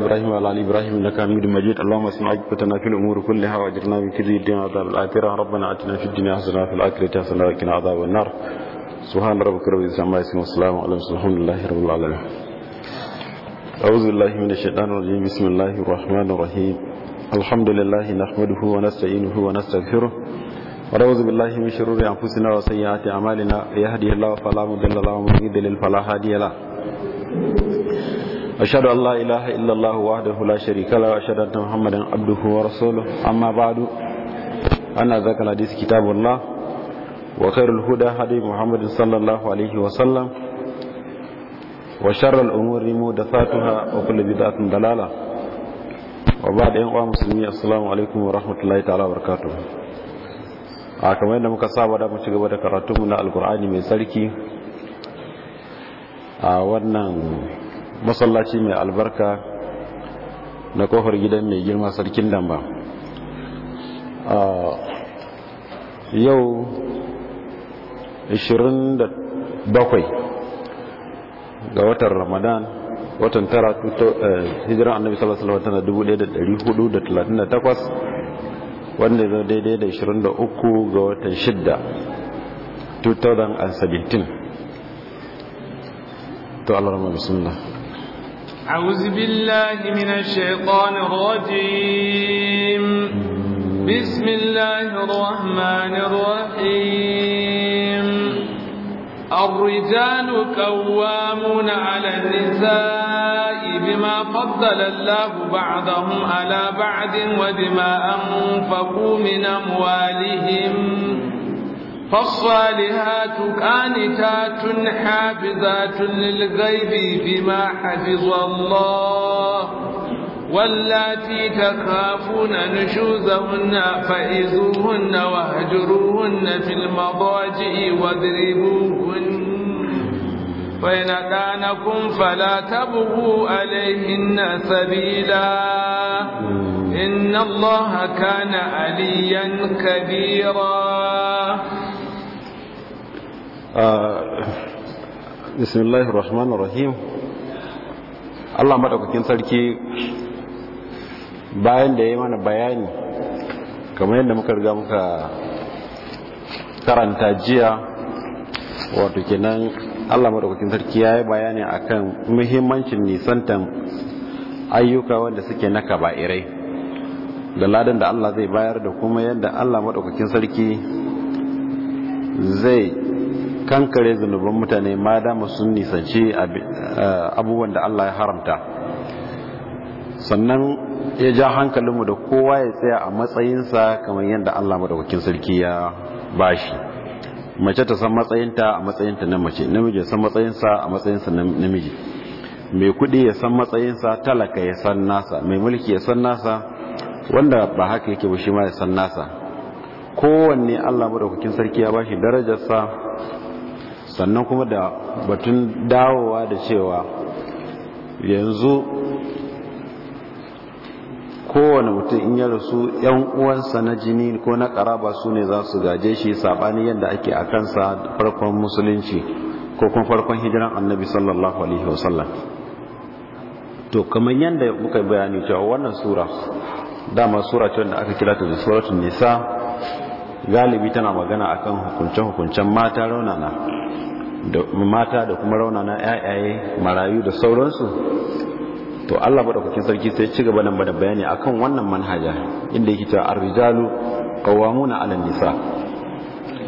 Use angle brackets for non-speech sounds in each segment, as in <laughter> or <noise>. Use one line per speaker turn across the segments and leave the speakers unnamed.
إبراهيم وعلى آل إبراهيم إنك حميد مجيد اللهم اسمع عجبتنا في الأمور كلها وأجرنا من كل الدنيا عذاب الآخرة ربنا آتنا في الدنيا حسنة وفي الآخرة حسنة وقنا عذاب النار سبحان ربك رب العزة عما يصفون والسلام على المرسلين الحمد لله رب العالمين أعوذ بالله من الشيطان الرجيم بسم الله الرحمن الرحيم الحمد لله نحمده ونستعينه ونستغفره ونعوذ بالله من شرور أنفسنا وسيئات أعمالنا يهدي الله فلا مضل له ومن يضلل فلا هادي له أشهد أن لا إله إلا الله وحده لا شريك له وأشهد أن محمدا عبده ورسوله أما بعد أن ذاك الحديث كتاب الله وخير الهدى هدي محمد صلى الله عليه وسلم وشر الأمور محدثاتها وكل بدعة ضلالة وبعد أيها المسلمين السلام عليكم ورحمة الله تعالى وبركاته a kamar yadda muka saba da mu ci gaba da karatunmu na alkur'ani mai sarki a wannan masallaci mai albarka na kofar gidan mai girma sarkin damba yau 27 ga watan ramadan watan tara eh, hijiran annabi sallallahu alaihi wasallam takwas wanda zai daidai da 23 ga watan shidda 2017 to Allah rahmatullahi
أعوذ بالله من الشيطان الرجيم بسم الله الرحمن الرحيم الرجال قوامون على النساء بما فضل الله بعضهم على بعض وبما أنفقوا من أموالهم فالصالحات كانتات حافظات للغيب بما حفظ الله واللاتي تخافون نشوزهن فإذوهن واهجروهن في المضاجع واضربوهن فإن أطعنكم فلا تبغوا عليهن سبيلا إن الله كان عليا كبيرا
bismillahir rahmanir rahim Allah madaukakin sarki bayan da ya mana bayani kamar yadda muka riga muka karanta jiya wato kenan Allah madaukakin sarki ya yi bayani akan muhimmancin nisantan ayyuka wanda suke na kaba'irai da ladan da Allah zai bayar da kuma yadda Allah madaukakin sarki zai kankare zunuban mutane ma dama sun nisanci eh, abubuwan da Allah ya haramta sannan ya ja hankalinmu da kowa ya tsaya a matsayinsa kamar yadda Allah madaukakin sarki ya bashi mace ta san matsayinta a matsayinta na mace namiji ya san matsayinsa a matsayinsa namiji mai kudi ya san matsayinsa talaka ya san nasa mai mulki ya san nasa wanda ba haka yake ba shi ma ya san nasa kowanne Allah madaukakin sarki ya bashi darajarsa sannan kuma da batun dawowa da cewa yanzu kowane mutum in ya rasu yan uwansa na jini ko na karaba su ne za su gaje shi sabani yadda ake a kansa farkon musulunci ko kuma farkon hijiran annabi sallallahu alaihi wasallam to kamar yadda muka bayani cewa wannan sura dama sura ce wanda aka kira ta da suratun nisa galibi tana magana akan hukunce hukuncen mata raunana da mata da kuma rauna na yayaye marayu da sauransu to Allah madaukakin sarki sai ci gaba nan da bayani akan wannan manhaja inda yake cewa ar-rijalu qawwamuna 'ala nisa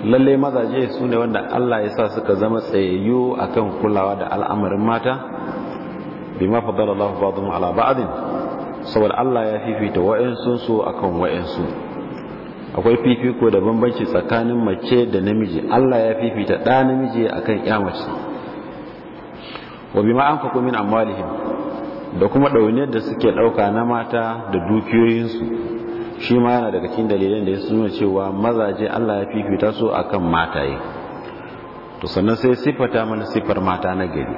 lalle mazaje su ne wanda Allah ya sa suka zama tsayayyu akan kulawa da al'amarin mata bima faddala Allahu ba'dhum 'ala ba'd saboda Allah ya fifita wa'ansu akan wa'ansu akwai fifiko da banbanci tsakanin mace da namiji Allah ya fifita ɗa namiji akan ya mace wa bima anfaqu min amwalihim da kuma ɗauniyar da suke ɗauka na mata da dukiyoyinsu shi ma yana daga cikin dalilan da ya nuna cewa mazaje Allah ya fifita su akan mataye to sannan sai sifata mana sifar mata na gari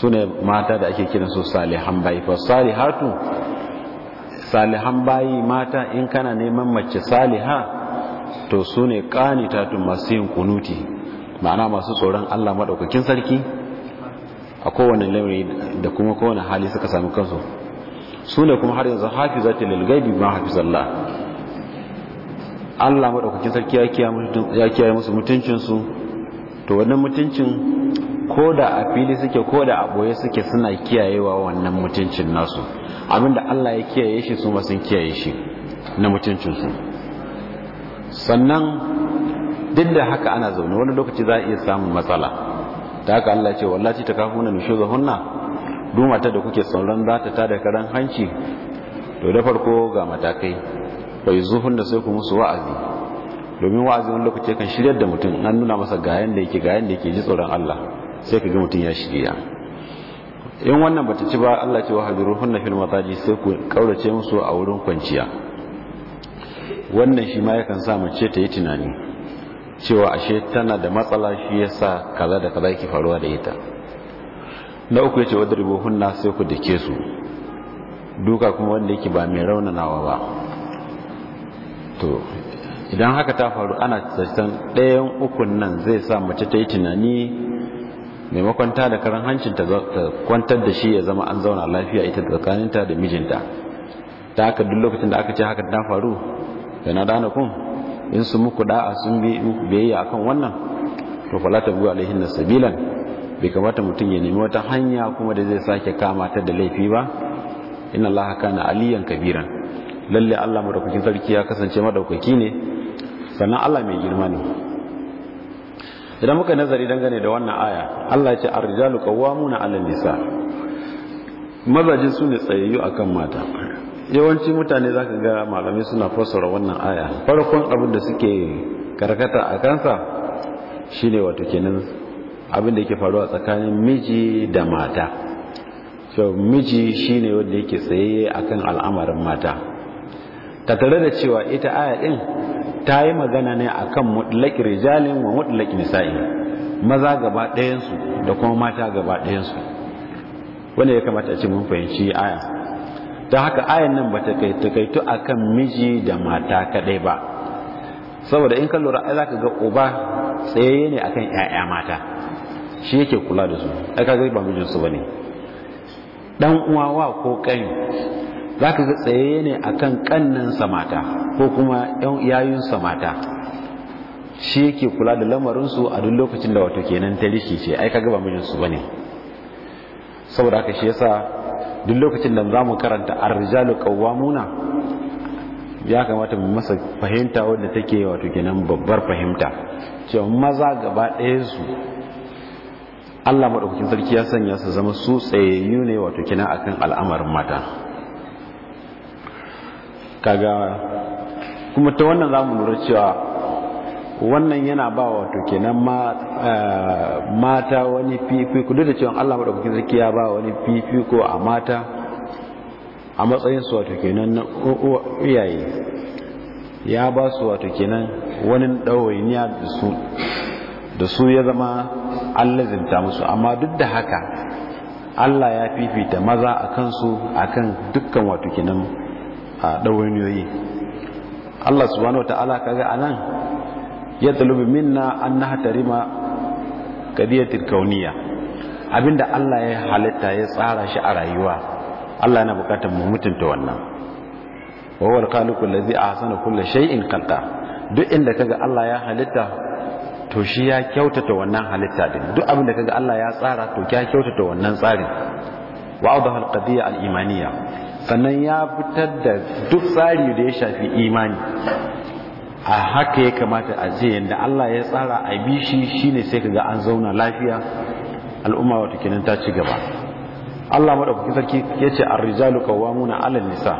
sune mata da ake kiransu salihan bai fa salihatu salihan bayi mata in kana neman mace saliha to su ne tun masu yin kunuti ma'ana masu tsoron Allah maɗaukakin sarki a kowane lamari da kuma kowane hali suka sami kansu su ne kuma har yanzu hafizatu lil ghaibi ma zalla Allah maɗaukakin sarki ya kiyaye musu mutuncinsu to wannan mutuncin ko da a fili suke ko da a ɓoye suke suna kiyayewa wannan mutuncin nasu Abin da Allah ya kiyaye shi su ma kiyaye shi na mutuncinsu sannan duk da haka ana zaune wani lokaci za a iya samun matsala ta haka Allah ce wallaci ta kafa wani nushu hunna dumata da kuke sauran za ta tada karan hanci to da farko ga matakai bai zuhun da sai ku musu wa'azi domin wa'azi wani lokaci kan shirya da mutum an nuna masa ga da yake gayan da yake ji tsoron Allah sai ka ga mutum ya shirya in wannan bata ci ba Allah ce wa hadiruhunna fil mataji sai ku kaurace musu a wurin kwanciya wannan shi ma yakan sa mace ta yi tunani cewa ashe tana da matsala shi yasa kaza da kaza yake faruwa da ita na uku yace wadribuhunna sai ku dake su duka kuma wanda yake ba mai raunanawa ba to idan haka ta faru ana tsatsan ɗayan ukun nan zai sa mace ta yi tunani maimakon ta da karan hancin ta kwantar da shi ya zama an zauna lafiya ita da tsakaninta da mijinta ta haka duk lokacin da aka ce haka ta faru yana dana kun in su muku da'a sun bi biyayya kan wannan to fala ta buwa alaihin sabilan bai kamata mutum ya nemi wata hanya kuma da zai sake kama ta da laifi ba in allaha kana aliyan kabiran lalle Allah madaukakin sarki ya kasance madaukaki ne sannan Allah mai girma ne idan muka nazari dangane da wannan aya Allah ya ce ar-rijalu qawwamuna 'ala nisa mazaji su ne tsayayyu akan mata yawanci mutane zaka ga malamai suna fassara wannan aya farkon abin da suke karkata a kansa shine wato kenan abin da yake faruwa tsakanin miji da mata so miji shine wanda yake tsaye akan al'amarin mata tare da cewa ita aya din ta yi magana ne a kan mutlaƙi rijalin wa mutlaƙi nisa'i maza gaba ɗayansu da kuma mata gaba ɗayansu wanda ya kamata ce mun fahimci aya ta haka ayan nan ba ta kai ta a kan miji da mata kaɗai ba saboda in ka lura za ka ga uba tsaye ne akan 'ya'ya mata shi yake kula da su aka ga ba mijinsu ba ne ɗan uwa ko ƙani za ka ga tsaye ne a kan ƙannansa mata ko kuma yayun samata shi yake kula da lamarinsu a duk lokacin da wato kenan ta ce ai ka gaba mijinsu ba ne saboda haka shi yasa duk lokacin da za mu karanta arjalu qawwamuna ya kamata mu masa fahimta wadda take wato kenan babbar fahimta cewa maza gaba ɗaya su Allah madaukakin sarki ya sanya su zama su tsayayyu ne wato kenan akan al'amarin mata kaga kuma ta wannan za mu lura cewa wannan yana ba wato kenan eh, mata wani fifiko duk da cewa Allah madaukakin sarki ya ba wani fifiko a mata a matsayin su wato kenan na iyaye ya ba su wato kenan wani ɗawainiya da su da su ya zama allah zinta musu amma duk da haka Allah ya fifita maza a kansu a kan dukkan wato kenan a ɗawainiyoyi Allah subhanahu ta'ala kaga anan ya talubi minna an na hatarima kadiyatul abinda Allah ya halitta ya tsara shi a rayuwa Allah yana bukatar mu mutunta wannan wa huwa al-khaliqu allazi ahsana kulli shay'in khalqa duk inda kaga Allah ya halitta to shi ya kyautata wannan halitta din duk abinda kaga Allah ya tsara to ya kyautata wannan tsarin wa awdaha al-qadiyya al sannan ya fitar da duk tsari da ya shafi imani a haka ya kamata a ce yadda Allah ya tsara a bi shi shine sai kaga an zauna lafiya al'umma wata kenan ta ci gaba Allah madaukakin sarki yace ar-rijalu qawwamuna 'ala nisa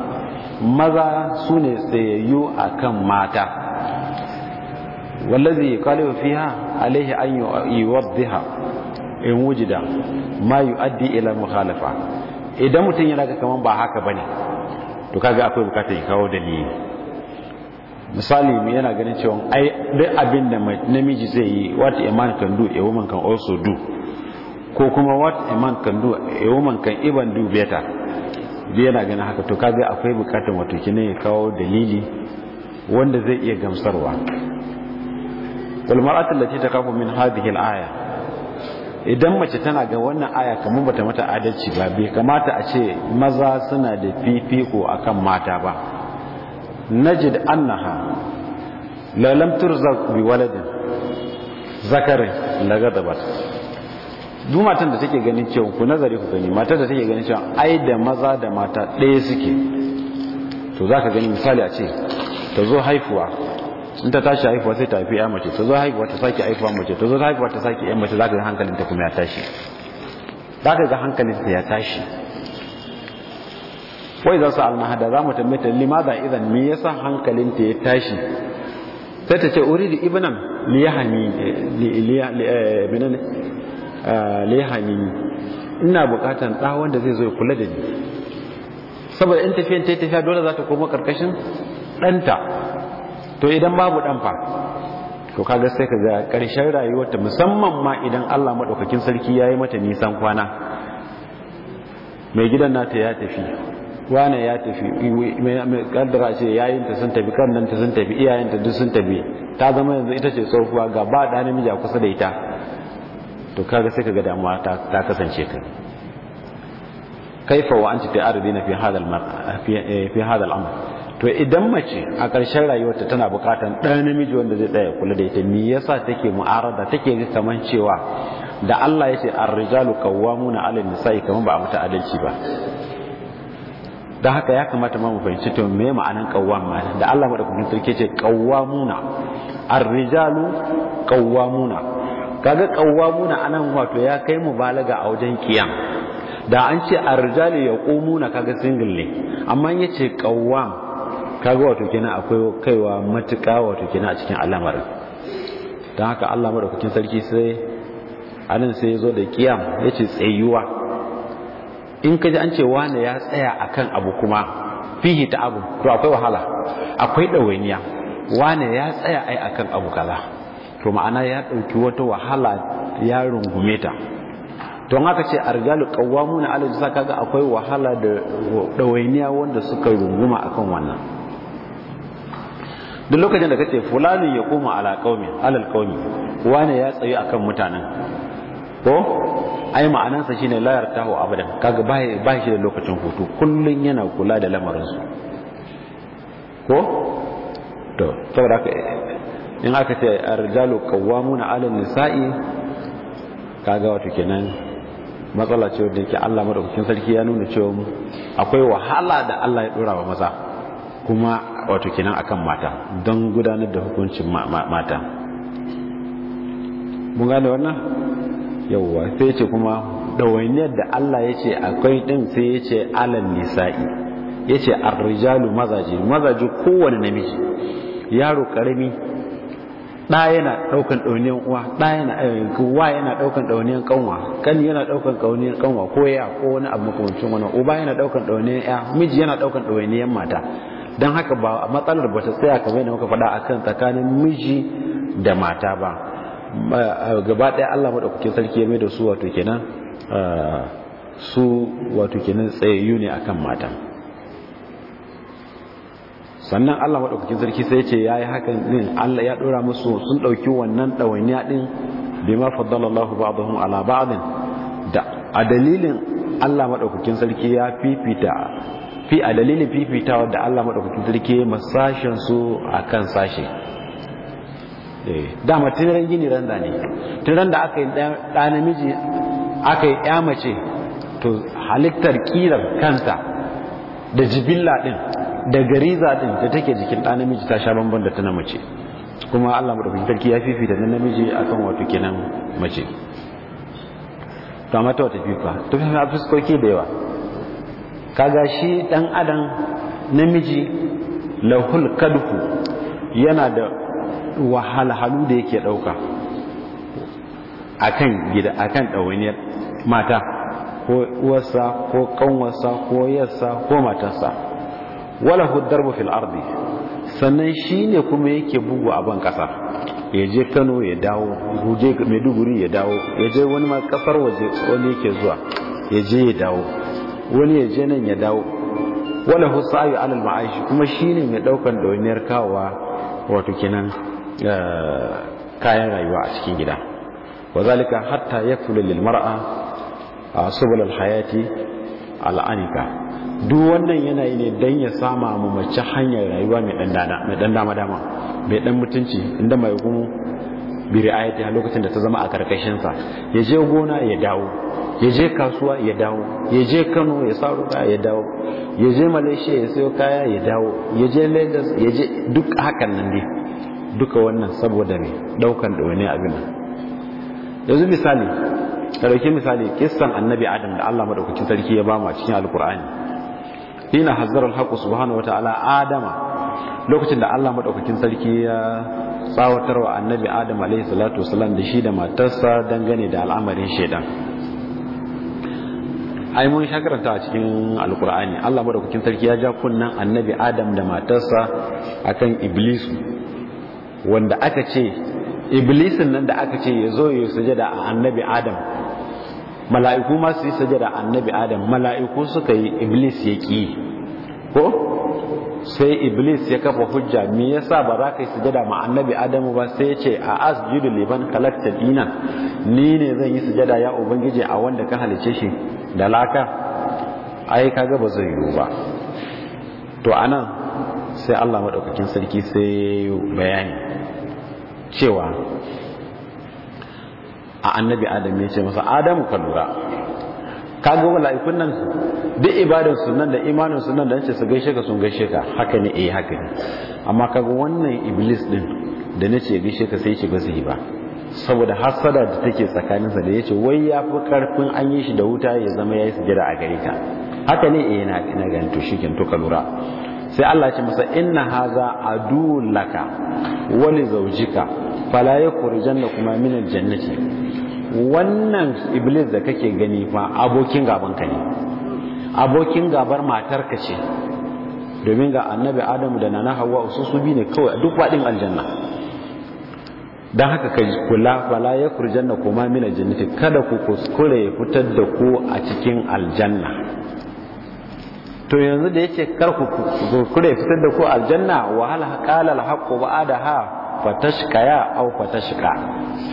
maza sune tsayayyu kan mata wallazi qalibu fiha alaihi an yuwaddiha in wujida ma yuaddi ila mukhalafa idan mutum yana ga kaman ba haka bane to kaga akwai bukatar ya kawo dalili misali mu yana ganin cewa ai duk abin da namiji zai yi what a man can do a woman can also do ko kuma what a man can do a woman can even do better duk yana ganin haka to kaga akwai bukatar wato kine ya kawo dalili wanda zai iya gamsarwa wal mar'atu allati takafu min hadhihi al-aya idan mace tana ga wannan aya kamar bata mata adalci ba bai kamata a ce maza suna da fifiko akan mata ba najid annaha la lam turzaq bi waladin zakarin la gadabat duk matan da take ganin cewa ku nazari ku gani matan da take ganin cewa ai da maza da mata ɗaya suke to zaka gani misali a ce ta zo haifuwa in ta tashi haifuwa sai ta haifi ya mace ta zo haifuwa ta sake haifuwa mace ta zo haifuwa ta sake yan mace za ka ga hankalin ta kuma ya tashi za ka ga hankalin ta ya tashi wai za su almahada za mu tambaye ta limaza idan me yasa hankalin ta ya tashi sai ta ce uridu ibnan liyahani liyahani eh, ah, liyahani ina bukatan ɗa wanda zai zo ya kula da ni saboda in tafiyan ta yi tafiya dole za ta koma karkashin ɗanta to idan babu dan fa to kaga sai kaga karshen rayuwarta musamman ma idan Allah madaukakin sarki yayi mata nisan kwana mai gidan nata ya tafi wane ya tafi kaddara ce yayin ta sun tafi kan nan ta sun tafi iyayen ta duk sun tafi ta zama yanzu ita ce tsofuwa, gaba da namiji a kusa da ita to kaga sai kaga damuwa ta kasance ka kaifa wa anti ta'arudina fi hadha eh, al-amr to idan mace a ƙarshen rayuwarta tana buƙatar ɗan namiji wanda zai tsaya kula da ita me yasa take mu'arada take ji kaman cewa da Allah ya ce ar-rijalu qawwamuna 'ala nisa'i kaman ba a mata adalci ba dan haka ya kamata mu fahimci to me ma'anan qawwam ma da Allah madaukakin sarki ce qawwamuna ar-rijalu qawwamuna kaga qawwamuna anan wato ya kai mubalaga a wajen kiyam da an ce ar-rijalu yaqumuna kaga single ne amma yace qawwam kaga wato kenan akwai kaiwa matuƙa wato kenan a cikin al'amarin don haka Allah madaukakin sarki sai anan sai ya zo da kiyam ya ce tsayuwa in ka ji an ce wane ya tsaya akan abu kuma fihi ta abu to akwai wahala akwai ɗawainiya wane ya tsaya ai akan abu kaza to ma'ana ya ɗauki wata wahala ya rungume ta don haka ce a rigalu ƙawwamuna alajisa kaga akwai wahala da ɗawainiya wanda suka runguma akan wannan duk lokacin da ka ce fulani ya koma ala kaumi alal kaumi wani ya tsayi akan mutanen ko ai sa shine la yartahu abadan kaga bai ba shi da lokacin hutu kullun yana kula da lamarin su ko to saboda haka in aka ce arjalu qawwamuna ala nisa'i kaga wato kenan matsala ce wanda yake Allah madaukakin sarki ya nuna cewa akwai wahala da Allah ya dora wa maza kuma wato kenan akan mata don gudanar da hukuncin mata mun gane wannan yawwa sai ce kuma ɗawainiyar da Allah ya ce akwai ɗin sai ya ce alal nisa'i ya ce arrijalu mazaje mazaje kowane namiji yaro ƙarami ɗa yana ɗaukan dauniyan uwa ɗa yana eh, wa yana ɗaukan dauniyan kanwa, kan yana ɗaukan kauniyan kanwa ko ya ko wani abu makamancin wannan uba yana ɗaukan dauniyan ya miji yana ɗaukan ɗauniyar mata don haka ba a matsalar ba ta tsaya kamar yadda muka faɗa akan tsakanin miji da mata ba gaba ɗaya Allah maɗaukakin sarki ya mai da su wato kenan su wato kenan tsayayyu ne akan mata sannan Allah maɗaukakin sarki sai ce ya yi hakan ɗin Allah ya ɗora musu sun ɗauki wannan ɗawainiya ɗin bima faddalallahu ba'dahum ala ba'din da a dalilin Allah maɗaukakin sarki ya fifita fi a dalilin fifitawa da Allah madaukakin sarki sashen su a kan sashe, eh, dama tunaran gini randa ne tunaran da aka yi ɗa namiji aka yi ya mace to halittar ƙirar kanta da jibilla din da gariza ɗin da take jikin ɗa namiji ta sha bamban da ta na mace kuma Allah madaukakin turke ya fifita na namiji akan wato kenan mace to mata wata fifa tufin fi fuskoki da yawa kaga shi dan adam namiji lahul kadhu yana da wahalhalu da yake dauka akan gida akan ɗawainiyar mata ko uwarsa ko kanwarsa ko yarsa ko matarsa wala darbu fil ardi sannan shi ne kuma yake bugu a ban kasa ya je kano ya dawo guje maiduguri ya dawo ya je wani ma kasar waje wani yake zuwa ya je ya dawo wani ya je nan ya dawo wala husayu alal ma'aishi kuma shine mai daukan dawainiyar kawowa wato kenan eh, kayan rayuwa a cikin gida wa zalika hatta yakulu lil mar'a subul al hayati al anika duk wannan yanayi ne dan ya sama mu mace hanyar rayuwa mai dan dana mai dan dama dama mai dan mutunci inda mai gumu bi ri'ayati a lokacin da ta zama a karkashin sa ya je gona ya dawo ya je kasuwa ya dawo ya je kano ya saro kaya ya dawo ya je malaysia ya sayo kaya ya dawo ya je lagos ya je duk hakan nan dai duka wannan saboda ne daukan wani abin nan yanzu misali ka ɗauki misali kissan annabi adam da allah maɗaukacin sarki ya bamu a cikin alkur'ani ina hazzarar haƙu subhanahu wa ta'ala adama lokacin da allah maɗaukakin sarki ya tsawatarwa annabi adam alaihi salatu wasalam da shi da matarsa dangane da al'amarin shaidan ai mun sha karanta a cikin alkur'ani Allah madaukakin sarki ya ja kunnan annabi Adam da matarsa akan iblis wanda aka ce iblisin nan da aka ce ya zo ya sujada a annabi Adam mala'iku ma su yi sujada a annabi Adam mala'iku suka yi iblis ya ki ko sai iblis ya kafa hujja me yasa ba za ka yi sujada ma annabi adamu ba sai ya ce a asjudu liman khalaqta dina ni ne zan yi sujada ya ubangiji a wanda ka halice shi da laka ai kaga ba zai yiwu ba to anan sai Allah madaukakin sarki sai bayani cewa a annabi adamu ya ce masa adamu ka lura kaga ikun nan duk ibadar su nan da imanin su nan da nace su gaishe ka sun gaishe ka haka ne eh haka ne amma kaga wannan iblis din da nace gaishe ka sai ce ba su yi ba saboda hasada da take tsakaninsa da yace wai ya fi karfin an yi shi da wuta ya zama ya yi gida a gare ka haka ne eh na ina ganin to shikin to ka lura sai Allah ce masa inna haza adu laka wa li zawjika fala yakhrujannakum min al-jannati wannan iblis da kake gani fa abokin gabanka ne abokin gabar matarka ce domin ga annabi adamu da nana hawa su su bi ne kawai duk faɗin aljanna don haka ka kula fala ya kurjanna kuma mina jannati kada ku kuskure ya fitar da ku a cikin aljanna to yanzu da yace kar ku kuskure ya fitar da ku aljanna wahala hal qala ba'a da ha fatashkaya aw fatashka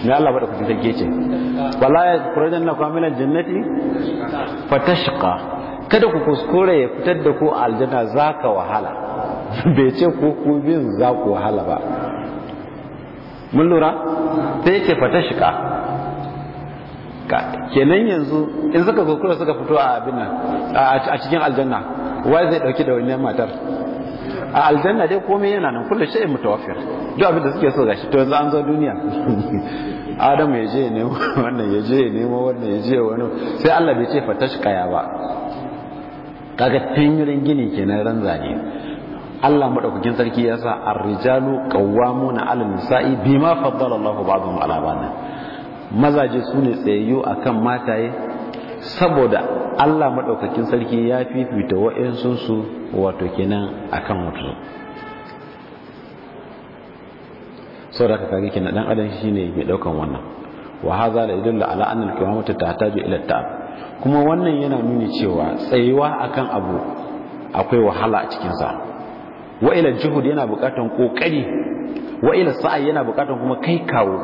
me Allah bada kuke take ce wala yakhrujanna na min jannati? Fatashka. kada ku kuskure ya fitar da ku aljanna zaka wahala <laughs> bai ce ku ku bin za ku wahala ba mun lura sai ce fatashka kenan yanzu in suka kuskure suka fito a abin nan a cikin aljanna wai zai dauki da wannan matar a aljanna dai komai yana nan kullu shay'in mutawaffir duk abin da suke so gashi to yanzu an zo duniya <laughs> adam ya je ne wannan ya je ne wannan ya je wani sai Allah bai ce kaya ba kaga tinyirin gini kenan ran zane Allah madaukakin sarki ya sa ar-rijalu qawwamuna 'ala nisa'i bima faddala Allahu ba'dhum 'ala ba'd mazaje su ne tsayayyu akan mataye saboda Allah maɗaukakin sarki ya fifita wa'insunsu wato kenan akan wato saboda da kage kenan dan adam shine mai ɗaukan wannan wa haza da idan ala annal kiyamata ta tabi ila ta'ab kuma wannan yana nuni cewa tsayuwa akan abu akwai wahala a cikin sa wa ila juhud yana buƙatan kokari wa ila sa'i yana buƙatan kuma kai kawo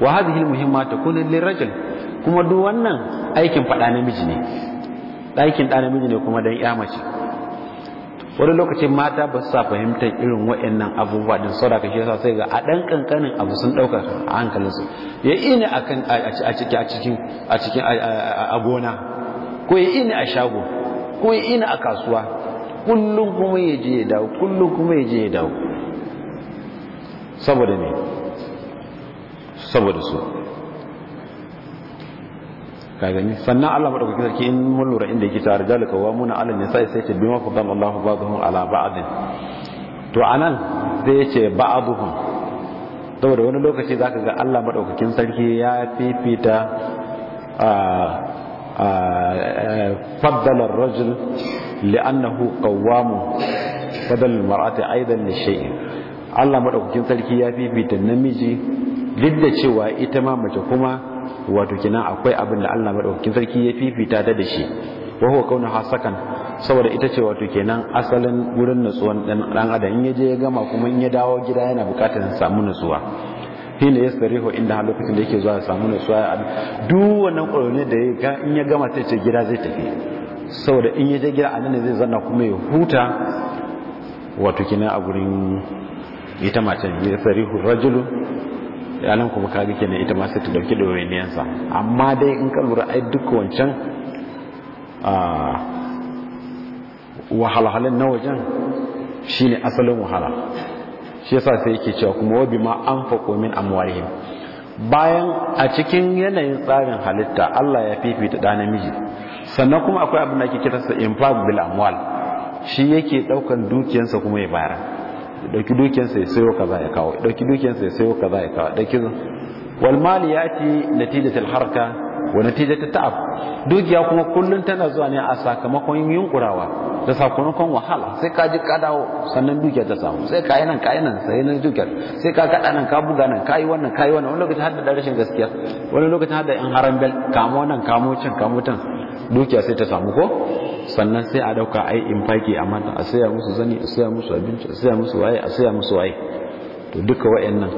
wa hadhihi almuhimmat takunu lirajul kuma duk wannan aikin faɗa namiji ne ɗakin ɗa namiji ne kuma dan ya mace wani lokacin mata ba su sa fahimtar irin wa'annan abubuwa din saboda ka shi yasa sai ga a ɗan ƙanƙanin abu sun ɗauka a hankalinsu ya ini a cikin a cikin a gona ko ya ini a shago ko ya ini a kasuwa kullum kuma ya je ya dawo kullum kuma ya je ya dawo saboda ne saboda su ka gani sannan Allah madaukakin sarki in mun lura inda yake cewa rijalu muna alal nisa'i sai ce bima fadalla Allahu ba'dahum 'ala ba'din to anan sai ya ce ba'dhum saboda wani lokaci zaka ga Allah madaukakin sarki ya fifita a a faddala ar-rajul li'annahu qawwamu fadalla al-mar'ati aidan li shay'in Allah madaukakin sarki ya fifita namiji duk da cewa ita ma mace kuma wato kina akwai abin da Allah madaukakin sarki ya fifita ta da shi wa huwa kauna hasakan saboda ita ce wato kenan asalin gurin nutsuwan dan adam in yaje ya gama kuma in ya dawo gida yana bukatar ya samu nutsuwa hina yastarihu inda har lokacin da yake zuwa ya samu nutsuwa duk wannan ƙwarone da ya in ya gama ta ce gida zai tafi saboda in yaje gida anan zai zanna kuma ya huta wato kenan a gurin ita mace yastarihu rajulu yanan kuma kaga kenan ita ma sai ta dauki ɗawainiyarsa amma dai in ka lura ai duk wancan wahalhalin na wajen shine asalin wahala shi yasa sai yake cewa kuma wabi ma an faƙo min amwarihim bayan a cikin yanayin tsarin halitta Allah ya fifita da namiji sannan kuma akwai abin da ake kiransa infaq bil amwal shi yake daukan dukiyarsa kuma ya bayar dauki dukiyarsa sai sayo kaza ya kawo dauki dukiyarsa sai sayo kaza ya kawo dauki wal mali yati natijatul harka wa natijatul ta'ab dukiya kuma kullun tana zuwa ne a sakamakon yunkurawa da sakamakon wahala sai ka ji ka dawo sannan dukiya ta samu sai ka yi nan ka yi nan sai nan dukiyar sai ka kada nan ka buga nan ka yi wannan ka yi wannan wani lokacin hadda da rashin gaskiya wani lokacin hadda in haram bel kamo nan kamo can kamo tan dukiya sai ta samu ko sannan sai a dauka ai infaki a mata a saya musu zani a saya musu abinci a saya musu waye a saya musu waye to duka wayannan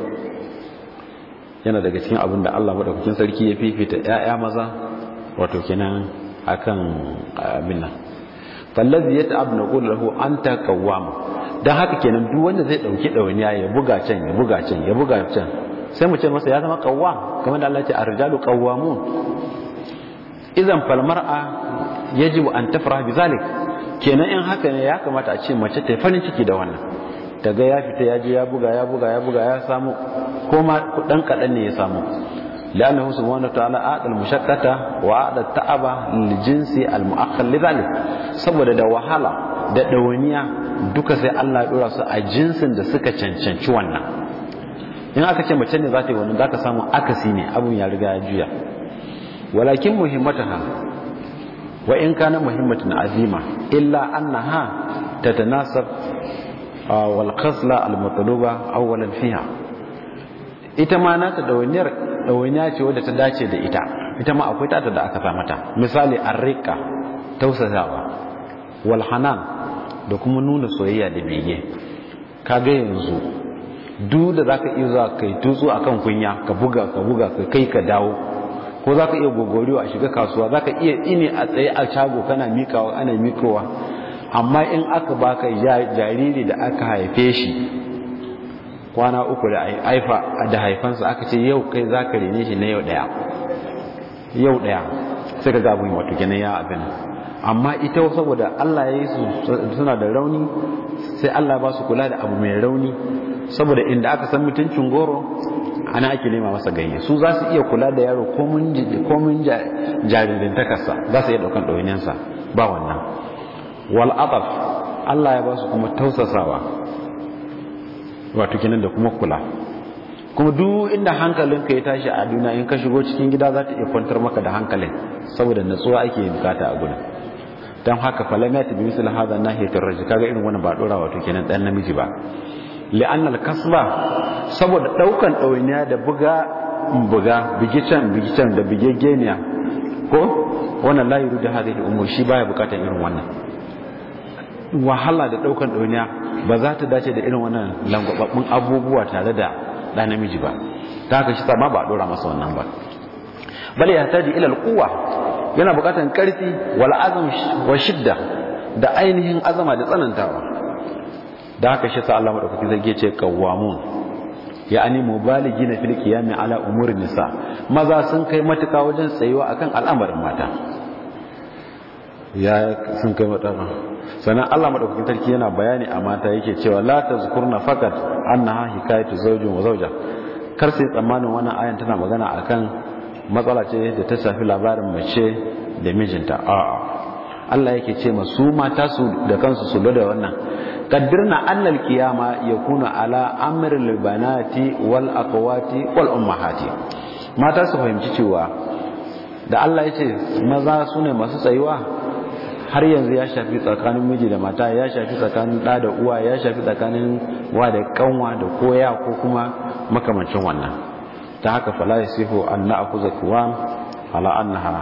yana daga cikin abin da Allah madaukakin sarki ya fifita ƴaƴa maza wato kenan akan nan. fallazi yata'abna qul lahu anta qawwam dan haka kenan duk wanda zai dauki dauniya ya buga can ya buga can ya buga can sai mu ce masa ya zama qawwam kamar da Allah ya ce ar-rijalu qawwamun idan falmar'a yajibu an tafrah bi zalik kenan in haka ne ya kamata a ce mace ta farin ciki da wannan daga ya fita ya je ya buga ya buga ya buga ya samu ko ma dan kadan ne ya samu mushaqqata wa aqal ta'aba المشقة jinsi al للجنس li zalik saboda da wahala da dawaniya duka sai Allah ya dora su a jinsin da suka cancanci wannan in aka ce mace ne za ta yi wannan za ka samu akasi ne abun ya riga ya juya walakin muhimmatan wa in kana azima illa annaha tatanasab wal khasla al mataluba awwalan fiha ita ma nata dawaniyar dawaniya ce wadda ta dace da ita ita ma akwai tata da aka sa mata misali arriqa tausasawa wal da kuma nuna soyayya da bege kaga yanzu duk da zaka iya zuwa kai tutsu akan kunya ka buga ka buga ka kai ka dawo ko za ka iya gogoriwa a shiga kasuwa za ka iya ini a tsaye a shago kana mikawa ana mikowa amma in aka baka jariri da aka haife shi kwana uku da haifa da haifansa aka ce yau kai za ka rene shi na yau daya yau daya sai ka zabu yi wato kenan ya abin amma ita saboda Allah ya yi su suna da rauni sai Allah ba su kula da abu mai rauni saboda inda aka san mutuncin goro ana ake nema masa ganye su za su iya kula da yaro komin takasa za su iya ɗaukan ɗauniyarsa ba wannan wal'adaf Allah ya ba su kuma tausasawa wato kinan da kuma kula kuma duk inda hankalinka ya tashi a duna in ka shigo cikin gida za ta iya kwantar maka da hankalin saboda natsuwa ake bukata a gudun don haka falamiyar ta bi misali hadha nahiyatu rajul kaga irin wani ba dora wato kenan dan namiji ba li'annal kasba saboda daukan ɗawainiya da buga buga bigitan-bigitan, da bigegeniya ko wannan la yuridu hadhihi umur shi baya bukatar irin wannan wahala da daukan ɗawainiya ba za ta dace da irin wannan langwababbun abubuwa tare da ɗa namiji ba ta haka shi ba a ɗora masa wannan ba bal ya taji ila alquwa yana bukatan karfi wal azam wa shidda da ainihin azama da tsanantawa da haka shi sa Allah madaukaki zai ce qawwamun ya'ani ani na fil qiyami ala umuri nisa maza sun kai matuka wajen tsayuwa akan al'amarin mata ya sun kai matuka sannan Allah madaukakin sarki yana bayani a mata yake cewa la tazkurna faqat annaha hikayatu zawjin wa zawja kar sai tsammanin wannan ayan tana magana akan matsala ce da ta shafi labarin mace da mijinta a'a Allah yake ce masu mata su da kansu su da wannan qaddirna anna al-qiyama yakuna ala amri al-banati wal wal ummahati mata su fahimci cewa da Allah yace maza sune masu tsayuwa har yanzu ya shafi tsakanin miji da mata ya shafi tsakanin da da uwa ya shafi tsakanin wa da kanwa da koya ko kuma makamancin wannan ta haka fala yasifu an na'khudha kuwa ala annaha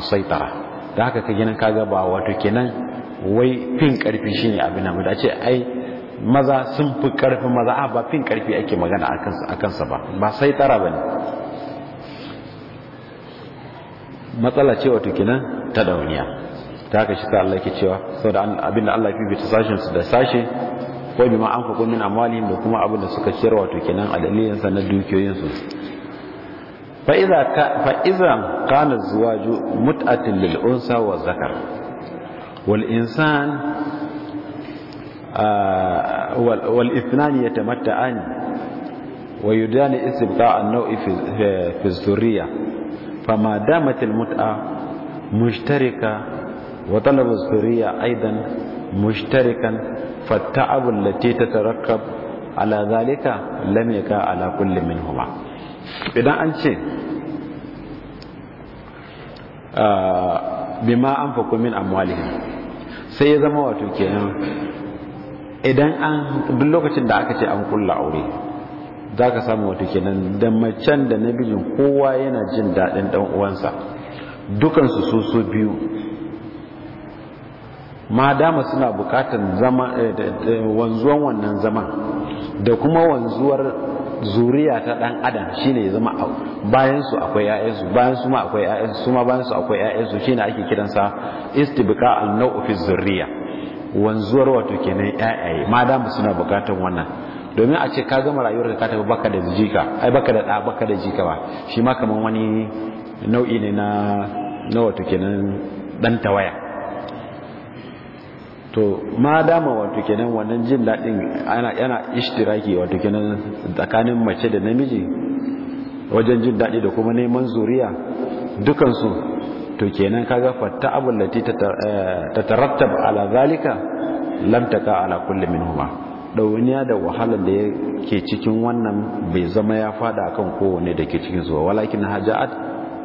asaitara da haka ka gina kaga ba wato kenan wai fin karfi shine abin nan da ce ai maza sun fi karfi maza a ba fin karfi ake magana a kansa ba ba sai tara bane matsala ce wato kenan ta dauniya ta haka shi ta Allah yake cewa saboda abin da Allah ya fifita sashin su da sashe ko bi ma an fa min amwalihim da kuma abin da suka ciyar wato kenan a dalilin sa na dukiyoyin su fa iza fa iza kana zuwaju mut'atin lil unsa wa zakar والإنسان والإثنان يتمتعان ويدان استبقاء النوع في الذرية فما دامت المتعة مشتركة وطلب الذرية أيضا مشتركا فالتعب التي تتركب على ذلك لم يكن على كل منهما إذا أنت bima an fako min amwalihim sai ya zama wato kenan idan an duk lokacin da aka ce an kulla aure za ka samu wato kenan da macen da na namijin kowa yana jin daɗin ɗan uwansa dukansu su so biyu ma dama suna buƙatar zama eh, wanzuwan wannan zaman da kuma wanzuwar zuriya ta dan adam shine ya zama bayan su akwai ƴaƴan su bayan su ma akwai ƴaƴan su ma bayan su akwai ƴaƴan su shine ake kiransa istibqa al-naw'u fi zurriya wanzuwar wato kenan ƴaƴaye ma da suna bukatan wannan domin a ce ka gama rayuwar ka tafi baka da jika ai baka da da baka da jika ba shi ma kaman wani nau'i ne na na wato kenan dan tawaya to ma dama wato kenan wannan jin daɗin ana yana ishtiraki wato kenan tsakanin mace da namiji wajen jin daɗi da kuma neman zuriya dukansu to kenan kaga fatta abul lati tatarattab eh, ala zalika lam taka ala kulli minhuma dawuniya da wahalar da yake cikin wannan bai zama ya fada akan kowanne da ke cikin zuwa walakin haja'at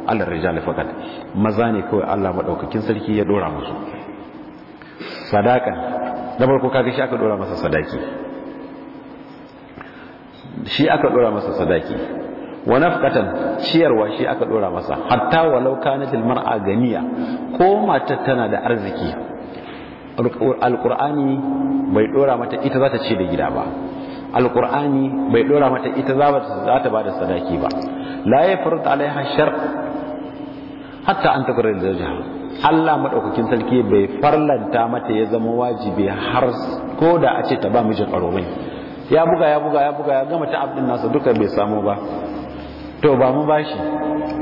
ala rijal fakat maza ne kawai Allah madaukakin sarki ya dora musu sadaka na farko kaga shi aka dora masa sadaki shi aka dora masa sadaki wa nafqatan ciyarwa shi aka dora masa hatta walau kanat almar'a ganiya ko mata tana da arziki alqur'ani bai dora mata ita za ta ce da gida ba alqur'ani bai dora mata ita za ta ba da sadaki ba la yafrut alaiha shar hatta an taqra zawjaha Allah maɗaukakin sarki bai farlanta mata ya zama wajibi har ko da a ce ta ba mijin ƙarorin ya buga ya buga ya buga ya gama ta abdin nasa duka bai samu ba to ba mu bashi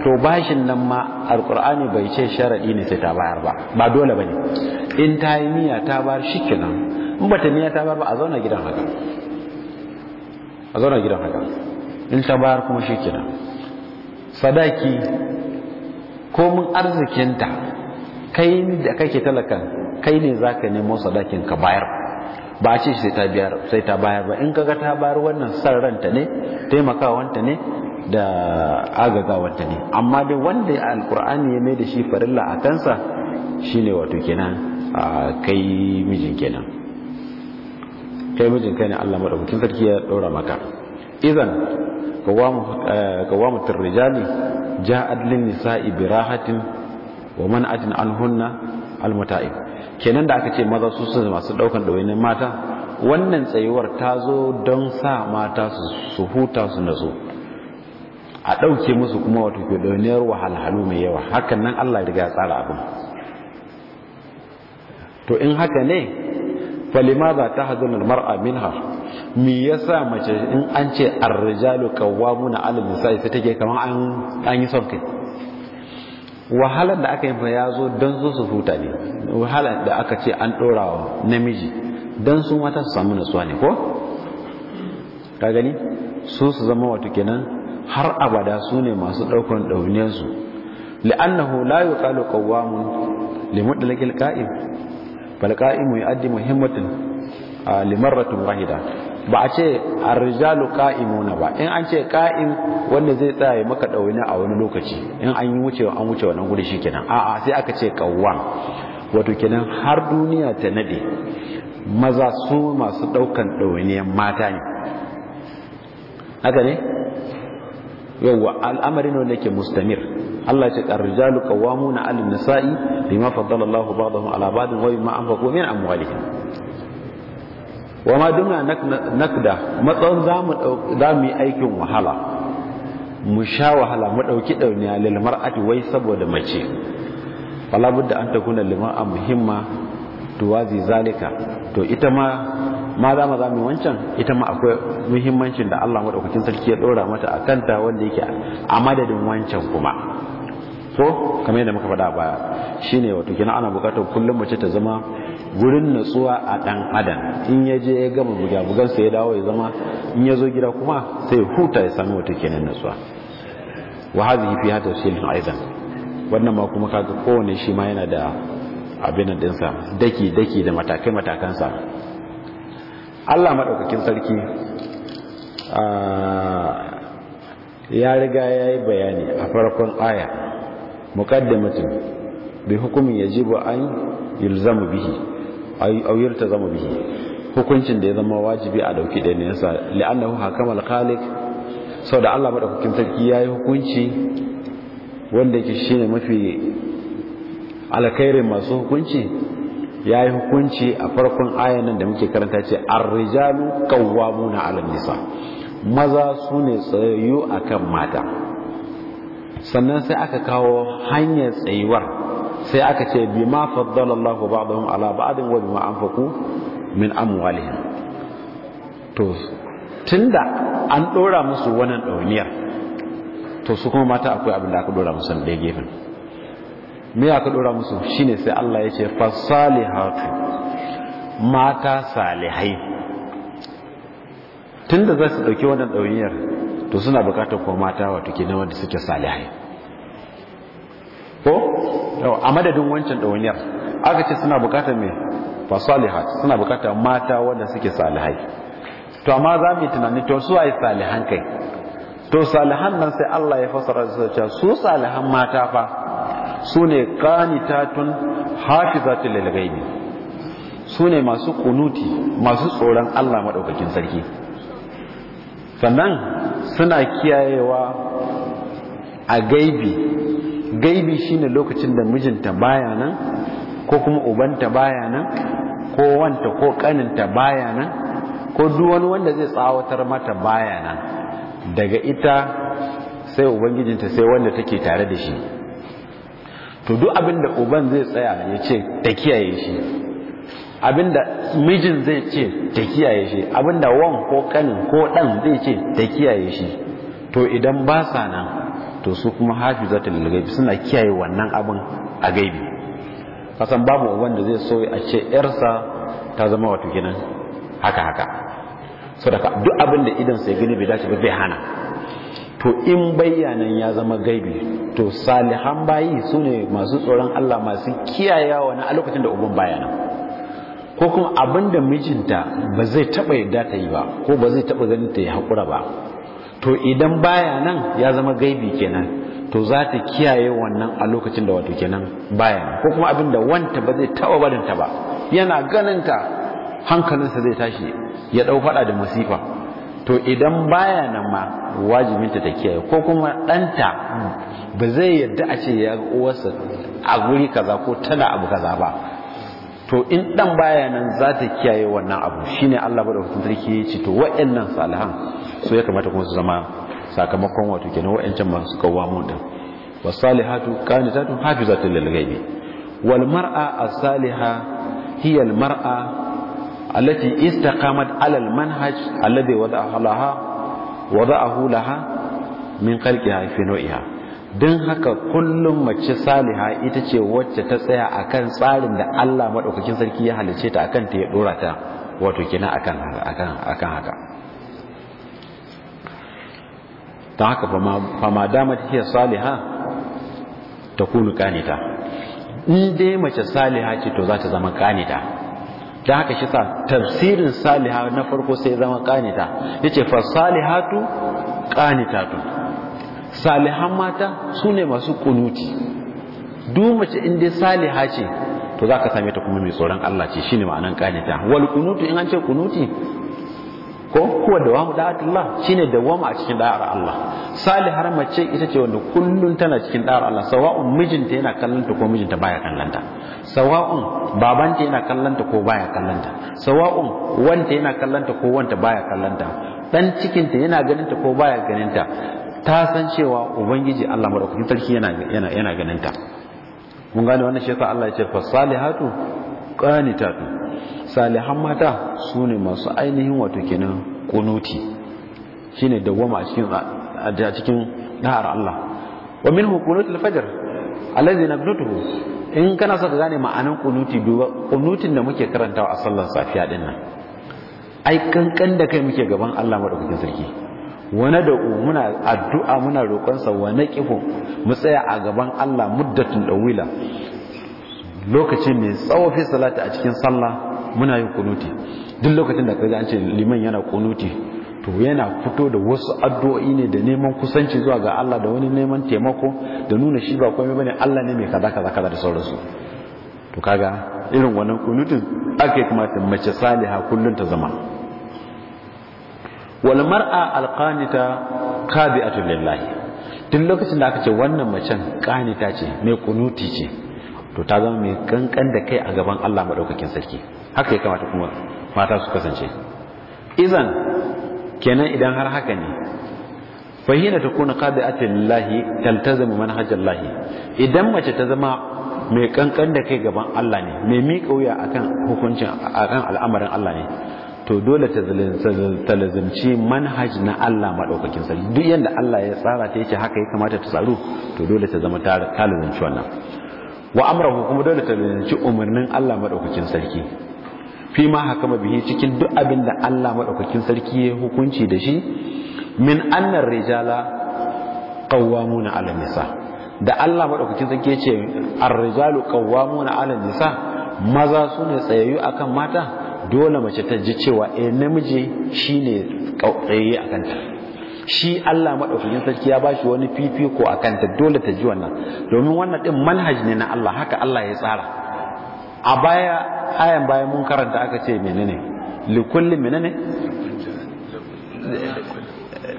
to bashin nan ma Alƙur'ani bai ce sharaɗi ne sai ta bayar ba ba dole ba ne. in ta yi niyya ta bayar shikenan in bata niyya ta bar ba a zauna gidan haka a zauna gidan haka in ta bayar kuma shikenan sadaki komin arzikinta kai da kake talaka kai ne za zaka nemo sadakin ka bayar ba a ce shi sai ta bayar ba in kaga ta bayar wannan san ranta ne taimakawanta ne da agagawanta ne amma dai wanda ya alkur'ani ya mai da shi farilla a kansa shine wato kenan kai mijin kenan kai mijin kai ne Allah madaukakin sarki ya ɗora maka izan kawamu eh, rijali ja ja'ad lin nisa'i birahatin wa man ajin alhunna hunna almuta'ib kenan da aka ce maza su su masu daukan dawainin mata wannan tsayuwar ta zo don sa mata su huta su nazo a ɗauke musu kuma wato ke dauniyar wahalhalu mai yawa hakan nan Allah riga ya tsara abin to in haka ne falima za ta hazunar mar'a minha me yasa mace in an ce arrijalu qawwamuna 'ala nisa'i take kaman an an yi son wahalar da aka yi ya zo don su su huta ne wahalar da aka ce an ɗora wa namiji don su mata su samu nasuwa ne ko ka gani su su zama wato kenan har abada su ne masu ɗaukar ɗauniyarsu li'annahu la yuqalu qawwamun limudlakil qa'im fal a yu'addi muhimmatan limarratin wahida ba a ce arrijalu qa'imuna ba in an ce qa'im wanda zai tsaya maka dawaini a wani lokaci in an yi wucewa an wuce wannan guri shikenan a'a sai aka ce qawwam wato kenan har duniya ta nade maza su masu daukan dawainiyan mata ne haka ne yawa al'amari ne wanda ke mustamir Allah ce arrijalu qawwamuna al nisai bima faddala Allahu ba'dahum 'ala ba'din wa bima anfaqu min amwalihim wa ma nakda matsayin za mu yi aikin wahala mu sha wahala mu ɗauki ɗauniya lil mar'ati wai saboda mace wala budda an takuna liman muhimma tuwazi zalika to ita ma ma za mu zami wancan ita ma akwai muhimmancin da Allah madaukakin sarki ya dora mata a kanta wanda yake a madadin wancan kuma ko kamar yadda muka faɗa baya shine wato kina ana buƙatar kullum mace ta zama gurin natsuwa a dan adam in ya je ya gama bugabugan sa ya dawo ya zama in ya zo gida kuma sai huta ya sami wata kenan natsuwa wa hadhihi fiha tafsilun aidan wannan ma kuma kaga kowane shi ma yana da abin din daki daki da matakai matakan sa Allah madaukakin sarki ya riga ya yi bayani a farkon aya muqaddimatin bi hukumin yajibu an yulzamu bihi auyar ta zama bihi hukuncin da ya zama wajibi a dauki da ne yasa li'annahu hakamal khaliq saboda Allah madaukakin sarki yayi hukunci wanda yake shine mafi alkhairin masu hukunci yayi hukunci a farkon ayan da muke karanta ce ar-rijalu qawwamuna 'ala nisa maza sune tsayayyu akan mata sannan sai aka kawo hanyar tsayuwar sai aka ce ma faddala Allah ba'dahum ala ba'din wa bima anfaqu min amwalihim to tunda an dora musu wannan dauniya to su kuma mata akwai abin da aka dora musu da gefen me aka dora musu shine sai Allah ya ce fasalihatu mata salihai tunda za su dauki wannan dauniyar to suna bukatar ko mata wato kenan wanda suke salihai ko a madadin wancan ɗawainiyar aka ce suna bukatar mai fasalihat suna bukatar mata wanda suke salihai to amma za mu yi tunani to su ayi salihan kai to salihan nan sai Allah ya fasara su cewa su salihan mata fa su ne qanitatun hafizatul lil ghaibi su ne masu kunuti masu tsoron Allah madaukakin sarki sannan suna kiyayewa a gaibi gaibi shine lokacin da mijinta baya nan ko kuma ubanta baya nan ko wanta ko kaninta baya nan ko duk wani wanda zai tsawatar mata baya nan daga ita sai ubangijinta sai wanda take tare da shi to duk abin uban zai tsaya ya ce ta kiyaye shi abin mijin zai ce ta kiyaye shi abin wan ko kanin ko dan zai ce ta kiyaye shi to idan ba sa nan to su kuma hafi zata gaibi suna kiyaye wannan abin a gaibi kasan babu wanda zai so a ce yarsa ta zama wato kenan haka haka sadaka duk abin da idan sai gani bai dace ba bai hana to in bayyanan ya zama gaibi to salihan bayi su ne masu tsoron Allah masu kiyayawa na a lokacin da uban bayanan ko kuma abin da mijinta ba zai taɓa yadda ta yi ba ko ba zai taɓa ganin ta yi haƙura ba to idan baya nan ya zama gaibi kenan to za ta kiyaye wannan a lokacin da wato kenan baya ko kuma abin da wanta ba zai taba ta ba yana ganinta hankalinsa zai tashi ya dau fada da masifa to idan baya nan ma wajibinta ta kiyaye ko kuma ɗanta ba zai yarda a ce ya uwarsa a guri kaza ko tana abu kaza ba to in dan baya nan za ta kiyaye wannan abu shine Allah Bada sarki ya ce to wa'annan salihan so ya kamata kuma su zama sakamakon wato kenan wa'ancan masu kawwamo din wasalihatu qanitatun hafizatun lil ghaibi wal mar'a as-saliha hiya al mar'a allati istaqamat ala al manhaj alladhi wada'ahu laha wada'ahu laha min khalqiha fi naw'iha don haka kullum mace saliha ita ce wacce ta tsaya akan tsarin da Allah maɗaukakin sarki ya halice ta akan ta ya ɗora ta wato kina akan kan haka ta haka fa ma damat saliha ta kunu kanita in dai mace saliha ce to za ta zama kanita da haka shi sa tafsirin saliha na farko sai zama kanita ce fa salihatu tun. salihan mata su ne masu kunuti duk mace in dai saliha ce to za ka same ta kuma mai tsoron Allah ce shine ma'anan kanita wal kunuti in an ce kunuti ko kuwa dawamu da'atullah shine wamu a cikin da'ar Allah salihar mace ita ce wanda kullun tana cikin da'ar Allah sawa'un mijinta yana kallanta ko mijinta baya kallanta sawa'un babanta yana kallanta ko baya kallanta sawa'un wanta yana kallanta ko wanta baya kallanta dan cikinta yana ganinta ko baya ganinta ta san cewa ubangiji Allah madaukakin sarki yana yana yana ganin ta mun gane wannan shi yasa Allah ya ce fa salihatu qanitatu salihan mata sune masu ainihin wato kenan kunuti shine dawwama cikin a cikin dahar Allah wa minhu qunutul fajr allazi nabdutuhu in kana so ka gane ma'anan kunuti duba kunutin da muke karantawa a sallar safiya dinnan. ai kankan da kai muke gaban Allah madaukakin sarki wa nad'u muna addu'a muna roƙonsa wa naqifu mu tsaya a gaban Allah muddatun dawila Lokacin mai tsawo fi salati a cikin sallah muna yin kunuti duk lokacin da kaga an ce liman yana kunuti to yana fito da wasu addu'o'i ne da neman kusanci zuwa ga Allah da wani neman taimako da nuna shi ba komai bane Allah ne mai kaza kaza kaza da sauransu to kaga irin wannan kunutin ake kuma mace saliha kullun ta zama wal mar'a alqanita qabi'atu lillahi tun lokacin da aka ce wannan macen kanita ce mai kunuti ce to ta zama mai kankan da kai a gaban Allah madaukakin sarki haka ya kamata kuma mata su kasance izan kenan idan har haka ne fahina ta kuna qabi'atu lillahi taltazimu manhajallahi idan mace ta zama mai kankan da kai gaban Allah ne mai miƙa wuya akan hukuncin akan al'amarin Allah ne to dole ta lazimci manhaj na Allah maɗaukakin sarki duk yadda Allah ya tsara ta yake haka ya kamata ta tsaro to dole ta zama ta lazimci wannan wa amrahu kuma dole ta lazimci umarnin Allah maɗaukakin sarki fi ma ma biye cikin duk abin da Allah maɗaukakin sarki ya hukunci da shi min annar rijala qawwamuna ala nisa da Allah maɗaukakin sarki ya ce ar-rijalu qawwamuna ala nisa maza su ne tsayayyu akan mata dole mace ta ji cewa eh namiji shine kautsaye a kanta shi Allah madaukakin sarki ya bashi wani fifiko a kanta dole ta ji wannan domin wannan din manhaj ne na Allah haka Allah ya tsara a baya ayan baya mun karanta aka ce menene likullin menene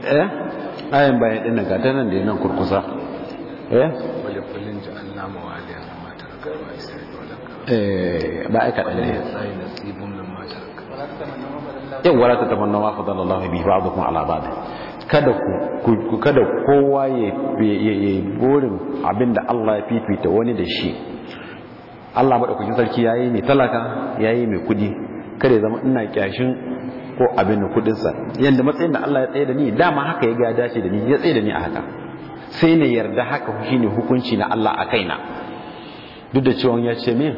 eh ayan baya din ga ta nan da nan kurkusa eh
walikullin ja'alna mawaliyan wa isra'ila
eh ba aka
ne yau wala ta
tamanna ma fadala Allah bi ba'dukum ala ba'd kada kowa ya ya abinda Allah ya fifita wani da shi Allah madaukakin sarki yayi mai talaka yayi mai kudi kada ya zama ina kyashin ko abin da kudin sa yanda matsayin da Allah ya tsaye da ni dama haka ya ga dace da ni ya tsaye da ni a haka sai ne yarda haka shine hukunci na Allah a kaina duk da cewa ya ce min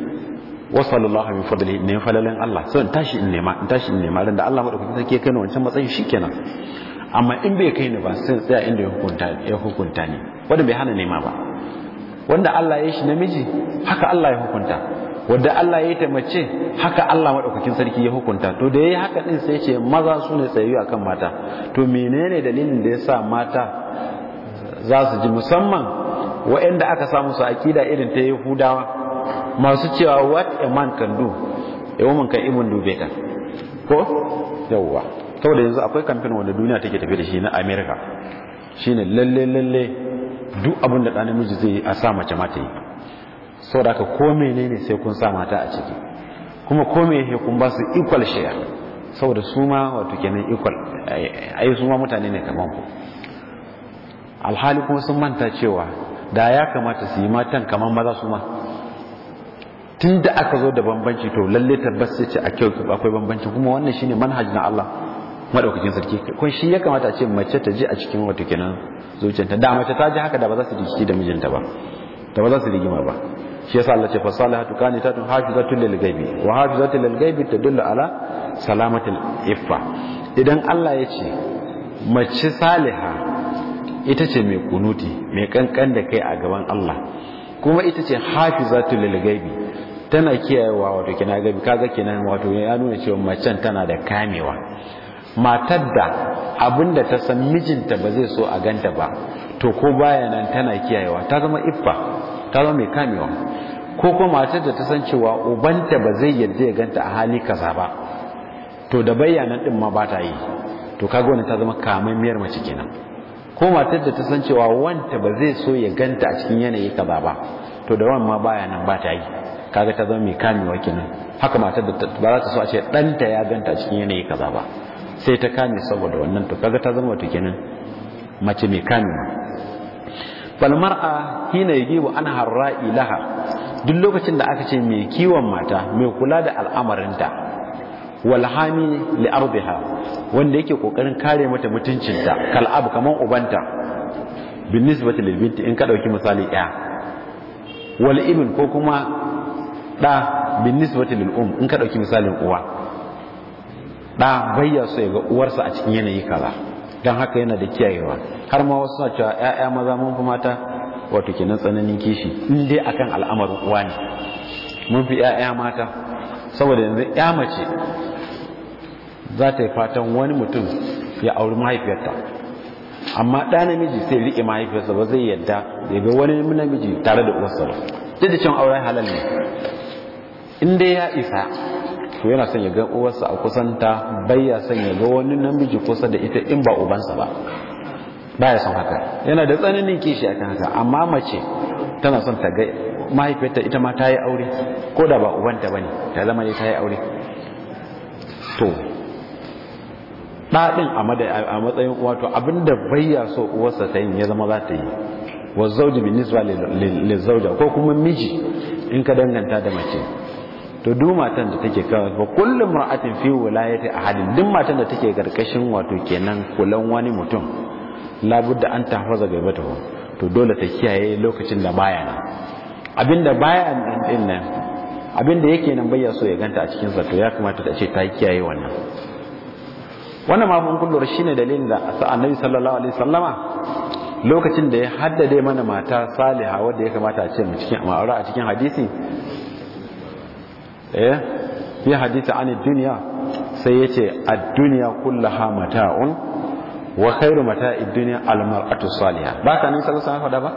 wasallallahu min fadlihi ne falalan Allah so in tashi in nema in tashi in nema da Allah madaukakin sarki ya kai wancan matsayin shikenan amma in bai kai ba sai tsaya inda ya hukunta ya hukunta ni wanda bai hana nema ba wanda Allah ya shi namiji haka Allah ya hukunta wanda Allah ya yi ta mace haka Allah madaukakin sarki ya hukunta to da yayi haka din sai ya ce maza su ne tsayayyu akan mata to menene dalilin da yasa mata za su ji musamman wa'anda aka samu su akida irin ta Yahudawa masu cewa what a man can do a woman can even do better ko yawwa saboda yanzu akwai kamfen wanda duniya take tafiye da shi na america shine lalle lalle duk abin da ɗanin miji zai yi a sa mace mata yi da ka ko menene sai kun sa mata a ciki kuma ko me kun ba su equal share saboda su ma wato kenan equal ai su ma mutane ne kamar ku alhali kuma sun manta cewa da ya kamata su yi matan kaman maza su ma tun da aka zo da bambanci to lalle tabbas sai ce a kyau akwai bambanci kuma wannan shine manhaj na Allah madaukakin sarki kun shi ya kamata a ce mace ta ji a cikin wata kenan zuciyarta da mace ta ji haka da ba za su shi da mijinta ba da ba za su rigima ba shi yasa Allah ce fa salihatu qanitatun hafizatun lil ghaibi wa hafizatun lil ghaibi tadullu ala salamatil iffa idan Allah ya ce mace saliha ita ce mai kunuti mai kankan da kai a gaban Allah kuma ita ce hafizatun lil ghaibi tana kiyayewa wato kina gabi kaga kenan wato ya nuna cewa macen tana da kamewa matar da abinda ta san mijinta ba zai so a ganta ba to ko baya nan tana kiyayewa ta zama iffa ta zama mai kamewa ko kuma matar da ta san cewa ubanta ba zai yarda ya ganta a hali kaza ba to da bayanan din ma ba ta yi to kaga wannan ta zama kamammiyar mace kenan ko matar da ta san cewa wanta ba zai so ya ganta a cikin yanayi kaza ba to da wannan ma baya nan ba ta yi kaga ta zama mai kamewa kenan haka matar da ba za ta so a ce ɗanta ya ganta cikin yanayi kaza ba sai ta kame saboda wannan to kaga ta zama wata kenan mace mai kamewa bal mar'a hina yajibu an harra'i laha duk lokacin da aka ce mai kiwon mata mai kula da al'amarinta wal hami li ardiha wanda yake kokarin kare mata mutuncinta kal'ab kaman ubanta bin nisbati lil binti in ka dauki misali ya wal ibn ko kuma da bin nisbati lil um in ka ɗauki misalin uwa da bayya so ya ga uwarsa a cikin yanayi kaza dan haka yana da kiyayewa har ma wasu suna cewa ‘ya'ya maza mun fi mata wato kenan tsananin kishi in dai akan al'amarin uwa ne mun fi ‘ya'ya mata saboda yanzu ‘ya mace za ta yi fatan wani mutum ya auri mahaifiyarta amma ɗa namiji sai riƙe mahaifiyarsa ba zai yadda ya ga wani namiji tare da uwarsa ba duk da cin auren halal ne in dai ya isa to yana son ya ga uwarsa a kusanta ya son ya ga wani namiji kusa da ita in ba ubansa ba Ba ya son haka yana da tsananin kishi akan haka amma mace tana son ta ga mahaifiyarta ita ma ta yi aure ko da ba ubanta ba ne ta zama ne ta yi aure to ɗaɗin a matsayin wato abinda bayya so uwarsa ta yin ya zama za ta yi wa zauji bin nisba zauja ko kuma miji in ka danganta da mace to duk matan da take kawai ba kullum ra'atin fi a halin duk matan da take karkashin wato kenan kulan wani mutum labudda an bata gaibatahu to dole ta kiyaye lokacin da baya nan abinda baya nan din nan abinda yake nan bayya so ya ganta a cikin sa to ya kamata ta ce ta kiyaye wannan wannan ma kun shi ne dalilin da annabi sallallahu alaihi sallama lokacin da ya haddade mana mata saliha wadda ya kamata a ce mu cikin ma'aura a cikin hadisi eh fi hadisi an duniya sai ya ce ad-dunya kullaha mata'un wa khairu mata'id dunya al-mar'atu saliha ba ka nan sallallahu alaihi wasallam ba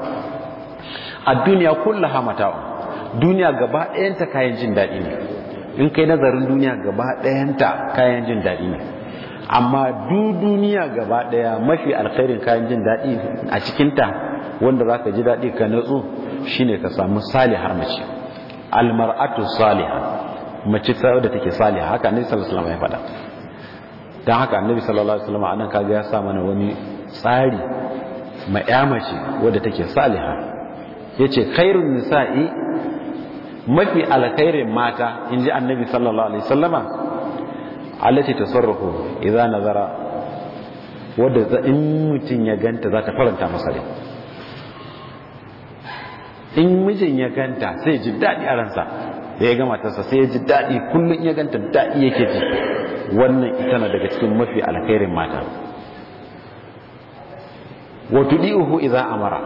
ad-dunya kullaha mata'un duniya gaba ɗayanta kayan jin daɗi ne in kai nazarin duniya gaba ɗayanta kayan jin daɗi ne amma du duniya gaba daya mafi alkhairin kayan jin daɗi a cikinta wanda za ka ji daɗi ka natsu shine ka samu salihar mace almar'atu saliha mace ta da take saliha haka annabi sallallahu alaihi wasallam ya faɗa dan haka annabi sallallahu alaihi wasallam anan kaga ya sa mana wani tsari ma ya mace wadda take saliha yace khairun nisa'i mafi alkhairin mata inji annabi sallallahu alaihi wasallama allati tasarrufu idza nazara wadda in mutum ya ganta za ta faranta masa rai in mijin ya ganta sai ji daɗi a ransa da ya gama tasa sai ya ji daɗi kullum ya ganta daɗi yake ji wannan ita na daga cikin mafi alkhairin mata wato di'uhu idza amara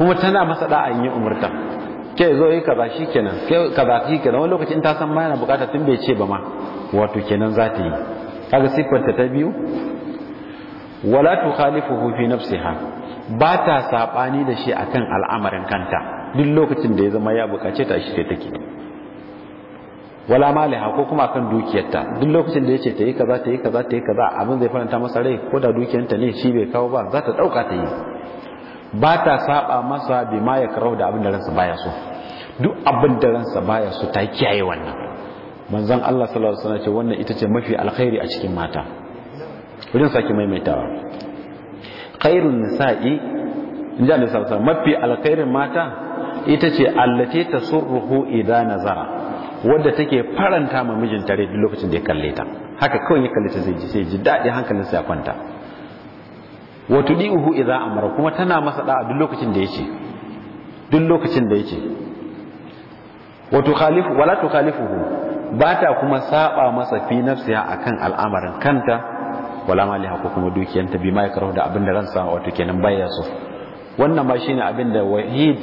kuma tana masa da'a in yi umurta ke zo yi kaza kenan ke kaza shikenan wani lokacin ta san ma na bukata tun bai ce ba ma wato kenan za ta yi kaga siffanta ta biyu wala tukhalifuhu fi nafsiha ba ta sabani da shi akan al'amarin kanta duk lokacin da ya zama ya bukace ta shi take wala maliha ko kuma kan dukiyarta duk lokacin da yace ta yi kaza ta yi kaza ta yi kaza abin zai faranta masa rai ko da dukiyarta ne shi bai kawo ba za ta dauka ta yi ba ta saba masa bi ma ya karau da abin da ransa baya so duk abin da ransa baya so ta kiyaye wannan manzon Allah sallallahu alaihi wasallam ce wannan ita ce mafi alkhairi a cikin mata wajen sake maimaitawa khairun nisa'i inda ne sallallahu mafi alkhairin mata ita ce allati tasurruhu idan nazara wadda take faranta ma mijinta tare duk lokacin da ya kalle ta haka kawai ya kalle ta zai ji sai ji daɗi hankalinsa ya kwanta wa tudihu idza amara kuma tana masa da'a duk lokacin da yake duk lokacin da yake wa tukhalifu wala tukhalifuhu Bata kuma saba masa fi a akan al'amarin kanta wala mali ko kuma dukiyanta bi ma yakrahu da abin da ransa wato kenan baya su wannan ma shine abin wahid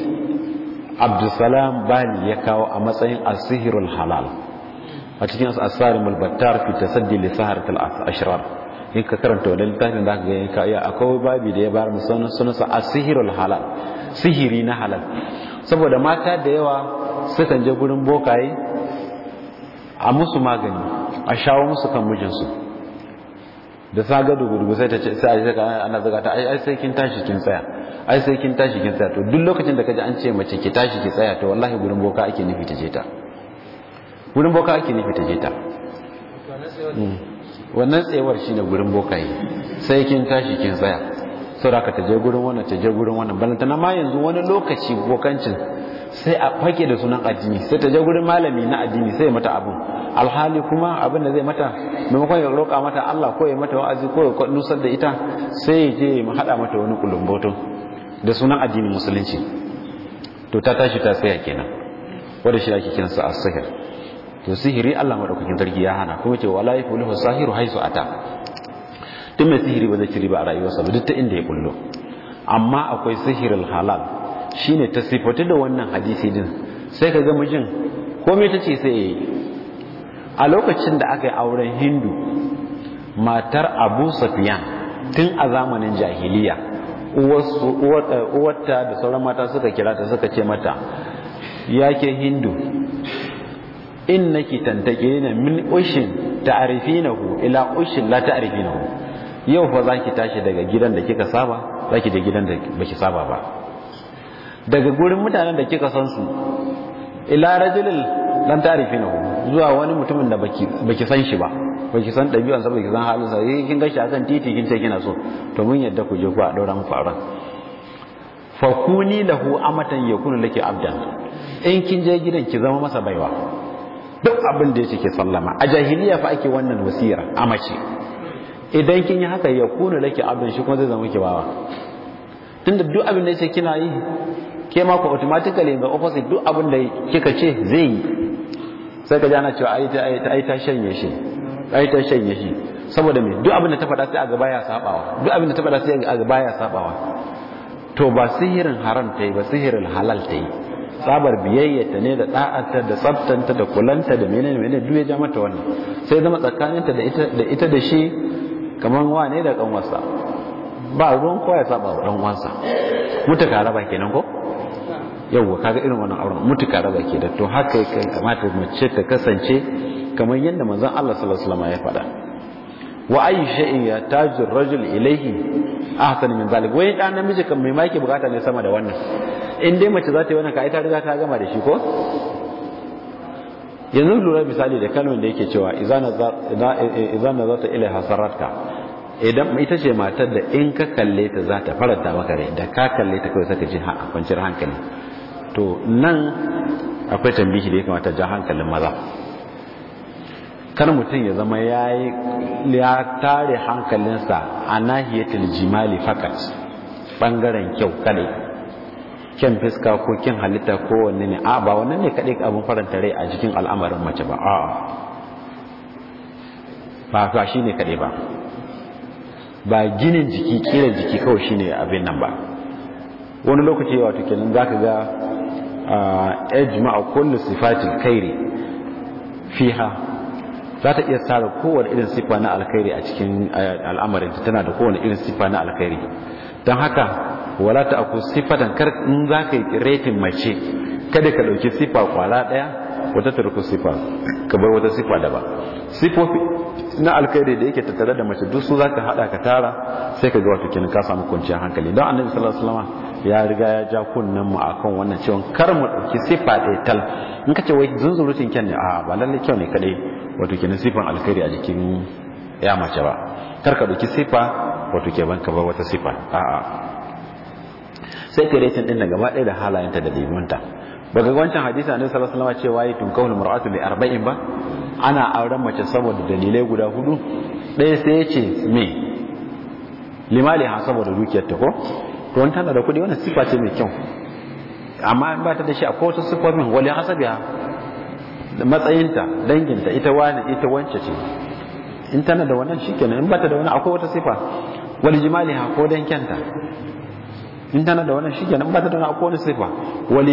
abdulsalam Bani ya kawo a matsayin asihirul halal a cikin asarimul battar fi tasaddi li saharatil ashrar in ka karanta wannan littafin za ka ga ya akwai babi da ya bar musamman sunansa a halal sihiri na halal saboda mata da yawa sukan je gurin bokaye a musu magani a shawo musu kan mijinsu da sa ga dugudugu sai ta ce sai a ji ana zaga ta ai sai kin tashi kin tsaya ai sai kin tashi kin tsaya to duk lokacin da kaji an ce mace ki tashi ki tsaya to wallahi gurin boka ake nufi ta je ta gurin boka ake nufi ta je ta wannan tsayawar mm. shine gurin yi sai kin tashi kin tsaya sauraka ta je gurin wannan ta je gurin wannan balantana ma yanzu wani lokaci bokancin sai a fake da sunan addini sai ta je gurin malami na addini sai mata abu alhali kuma abin da zai mata maimakon ya roƙa mata Allah ko ya mata wa'azi ko ya nusar da ita sai ya je ya haɗa mata wani kulumboto da sunan addinin musulunci to ta tashi ta tsaya kenan wanda shi ake kiransa a sihir to sihiri Allah madaukakin sarki ya hana kuma ce wallahi kullu sahiru haisu ata duk mai sihiri ba zai ci ba a rayuwarsa ba duk ta inda ya kullo amma akwai sihirin halal shine ta sifatu da wannan hadisi din sai ka ga mijin komai ta ce sai yi a lokacin da aka yi auren hindu matar abu safiyan tun a zamanin jahiliya eh, uwarta da sauran mata suka kira ta suka ce mata ya ke hindu in nake tantake na min ushin ku ila ushin la ku. yau fa za ki tashi daga gidan da kika saba za ki je gidan da ki saba ba daga gurin mutanen da kika san su ila rajulil lam ta'rifinahu zuwa wani mutumin da baki baki san shi ba baki san dabi'an sa baki san halin sa eh kin gashi kan titi kin ce kina so to mun yadda ku je ku a daura mu faran fa kuni lahu amatan yakunu laki abdan in kin je gidan ki zama masa baiwa duk abin da yake sallama a jahiliya fa ake wannan wasira a mace idan kin yi haka ya kuna laki abin shi kuma zai zama ki bawa tunda duk abin da yace kina yi ke ma ku automatically ga opposite duk abin da kika ce zai yi sai ka jana cewa ai ta ai ta shanye shi ai ta shanye shi saboda me duk abin da ta faɗa sai a gaba ya sabawa duk abin da ta faɗa sai a gaba ya sabawa to ba sihirin haram ta yi ba sihirin halal ta yi tsabar biyayyata ne da da'arta da tsabtanta da kulanta da menene menene duk ya ja mata wannan sai zama tsakaninta da ita da shi kamar wane da kanwarsa ba ruwan kowa ya saba wa dan mutuka raba kenan ko yawwa kaga irin wannan auren mutuka raba ke da to haka ya kamata mace ta kasance kamar yadda manzon Allah sallallahu alaihi wasallam ya faɗa wa ayu shay'in ya tajir rajul ilayhi ahsan min zalik wai dan namiji kan mai maki bukata ne sama da wannan in dai mace za ta yi wannan ka ai ta riga ta gama da shi ko yanzu lura misali da kalmar da yake cewa idan za ta ilai hasaratka idan ita ce matar da in ka kalle ta za ta faranta maka rai da ka kalle ta kawai saka ji a kwanciyar hankali to nan akwai tambihi da ya kamata ja hankalin maza kar mutum ya zama ya ya tare hankalinsa a nahiyatul jimali fakat bangaren kyau kadai kyan fiska ko kyan halitta ko wanne ne a ba wannan ne kaɗai abin faranta rai a jikin al'amarin mace ba a ba ka shi ne kaɗai ba ba ginin jiki kiran jiki kawai shi ne abin nan ba wani lokaci wato kenan za ka ga ejma'a kullu sifatin kairi fiha za ta iya tsara kowane irin sifa na alkhairi a cikin al'amarinta tana da kowane irin sifa na alkhairi don haka wala ta aku sifatan kar in za ka yi retin mace kada ka ɗauki sifa kwala ɗaya wata turku sifa ka bar wata sifa da ba sifofi na alkhairi da yake tattare da mace duk su za ka haɗa ka tara sai ka ga wato kenan ka samu kwanciyar hankali don annabi sallallahu alaihi wasallam ya riga ya ja kunnen mu akan wannan cewa kar mu ɗauki sifa ɗaya tal in ka ce wai zunzurutun kyan ne a ba lallai kyau ne kaɗai wato kenan sifan alkhairi a jikin ya mace ba kar ka ɗauki sifa wato ke banka ba wata sifa a'a sai ka rating din gaba ɗaya da halayenta da bibinta baka ga wancan hadisi annabi sallallahu alaihi wasallam cewa yi tunkahul mar'atu bi arba'in ba ana auren mace saboda dalilai guda hudu ɗaya sai ya ce me limali ha saboda dukiyar ta ko to wani tana da kuɗi wani sifa ce mai kyau amma in ba ta da shi akwai wata sifofin wali hasabiha da matsayinta danginta ita wani ita wance ce in tana da wannan shikenan in ba ta da wani akwai wata sifa jimali ha ko dan kyanta in tana da wannan shikenan ba ta tana ko wani sifa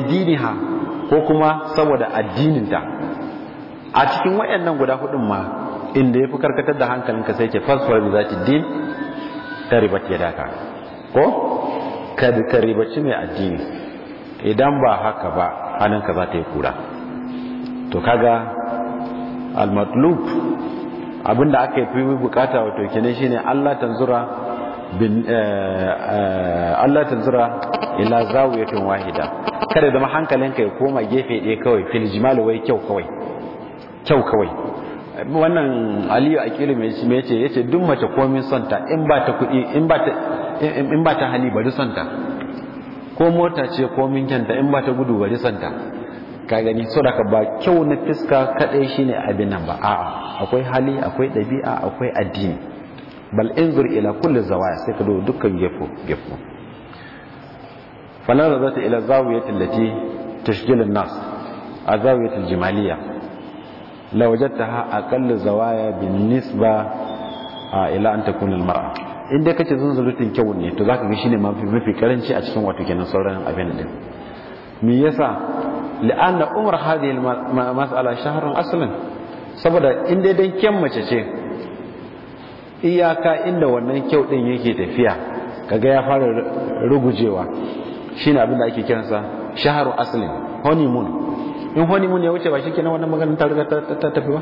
dini ha ko kuma saboda addininta a cikin wayannan guda hudun ma inda yafi karkatar da hankalin ka sai ke fasfar da zati din taribat daka ko riba mai addini idan ba haka ba ka za ta yi kura to kaga al-matlub abinda aka yi fi bukata wato kenan shine Allah tanzura Eh, eh, Allah ta zura ila zawiyatin wahida kada zama hankalinka ya koma gefe ɗaya kawai fil wai kyau kawai kyau kawai wannan Aliyu Aqilu mai shi yace yace duk mace komin santa in ba ta kuɗi in ba ta in ba ta hali bari santa ko mota ce komin kyanta in ba ta gudu bari santa ka gani so da ba kyau na fiska kadai shine abin nan ba a'a akwai hali akwai ɗabi'a akwai addini bal inzur ila kulli zawaya sai ka duba dukkan gefo gefo falan zata ila zawiyati allati tashghil an-nas azawiyat al-jimaliyya la wajadtaha aqall zawaya bin-nisba ila an takuna al-mar'a in dai kace zunzulutun kyau ne to zaka ga shine mafi mafi karanci a cikin wato kenan sauran abin din me yasa la'anna umar hadhihi al-mas'ala shahrun aslan saboda in dai dan kyan mace ce iyaka inda wannan kyau din yake tafiya kaga ya fara rugujewa shine abin da ake kiransa shaharu aslin honeymoon in honeymoon ya wuce ba shi kenan wannan maganar ta riga ta tafi ba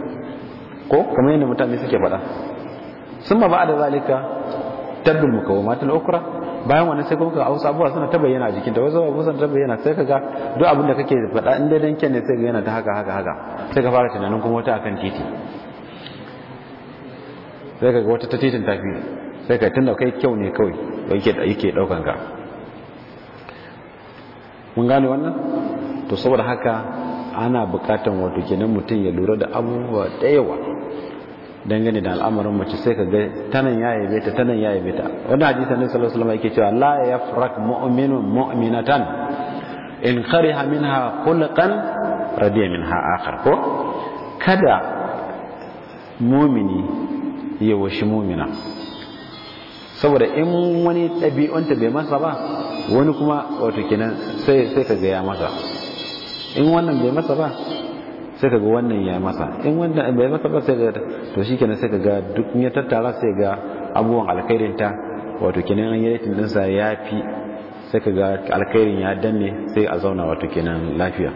ko kamar yadda mutane suke faɗa sun ba da zalika tabbin mukawamatul ukra bayan wannan sai kuma ka hausa abubuwa suna ta bayyana a jikinta wasu abubuwa suna ta bayyana sai ka ga duk abin da kake faɗa in dai dan ne sai ga yana ta haka haka haka sai ka fara tunanin kuma wata akan titi sai ka wata ta titin tafi sai ka tunda kai kyau ne kawai yake da yake daukan ka mun gane wannan to saboda haka ana bukatan wato kenan mutum ya lura da abubuwa da yawa dangane da al'amarin mace sai ka ga tanan ya yi ta tanan ya yabe ta wanda hadisi annabi sallallahu alaihi wasallam yake cewa la yafrak mu'minun mu'minatan in kariha minha khulqan radiya minha akhar ko kada mumini ya washi mumina saboda in wani ɗabi'unta bai masa ba wani kuma wato kinan sai sai ka ga ya masa in wannan bai masa ba sai ka ga wannan ya masa in wannan bai masa ba sai ga to shi kinan sai ka ga duk ya tattara sai ga abubuwan alkhairin ta wato kinan an yi rating din sa fi sai ka ga alkairin ya danne sai a zauna wato kinan lafiya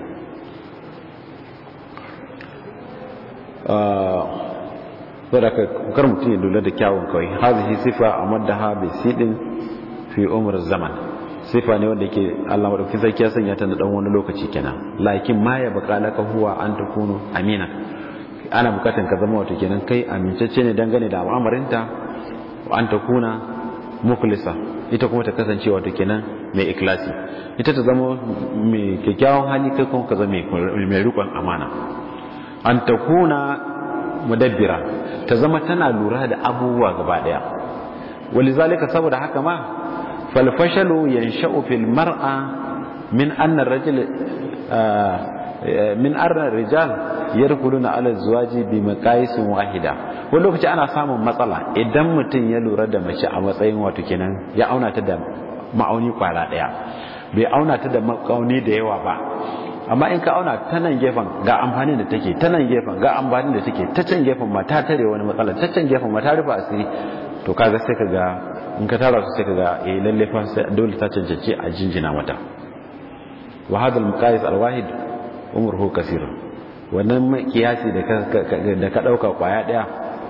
ah, saboda kar mutum ya lura da kyawun kawai shi sifa a maddaha bi sidin fi umar zaman sifa ne wanda yake Allah madaukakin sarki ya sanya ta na wani lokaci kenan lakin ma ya baka ka huwa an kuno amina ana bukatan ka zama wato kenan kai amincacce ne dangane da al'amarinta an kuna mukhlisa ita kuma ta kasance wato kenan mai Ikilasi. ita ta zama mai kyakkyawan hali kai kuma ka zama mai rikon amana an kuna mudabbira ta zama tana lura da abubuwa gaba daya walizalika saboda haka ma falfashalu yansha'u fil mar'a min anna rajul min arna rijal yarkuluna ala zuwaji bi maqayis wahida wani lokaci ana samun matsala idan mutum ya lura da mace a matsayin wato kenan ya auna ta da ma'auni kwara daya bai auna ta da makauni da yawa ba amma in ka auna ta nan gefen ga amfanin da take ta nan gefen ga amfanin da take ta can gefen ma ta tare wani matsala ta can gefen ma ta rufe asiri to kaga sai ka ga in ka tara su sai ka ga eh lalle fa dole ta cancanci a jinjina mata wa hadha al-muqayis al-wahid umruhu kaseer wannan kiyasi da ka da ka dauka kwaya daya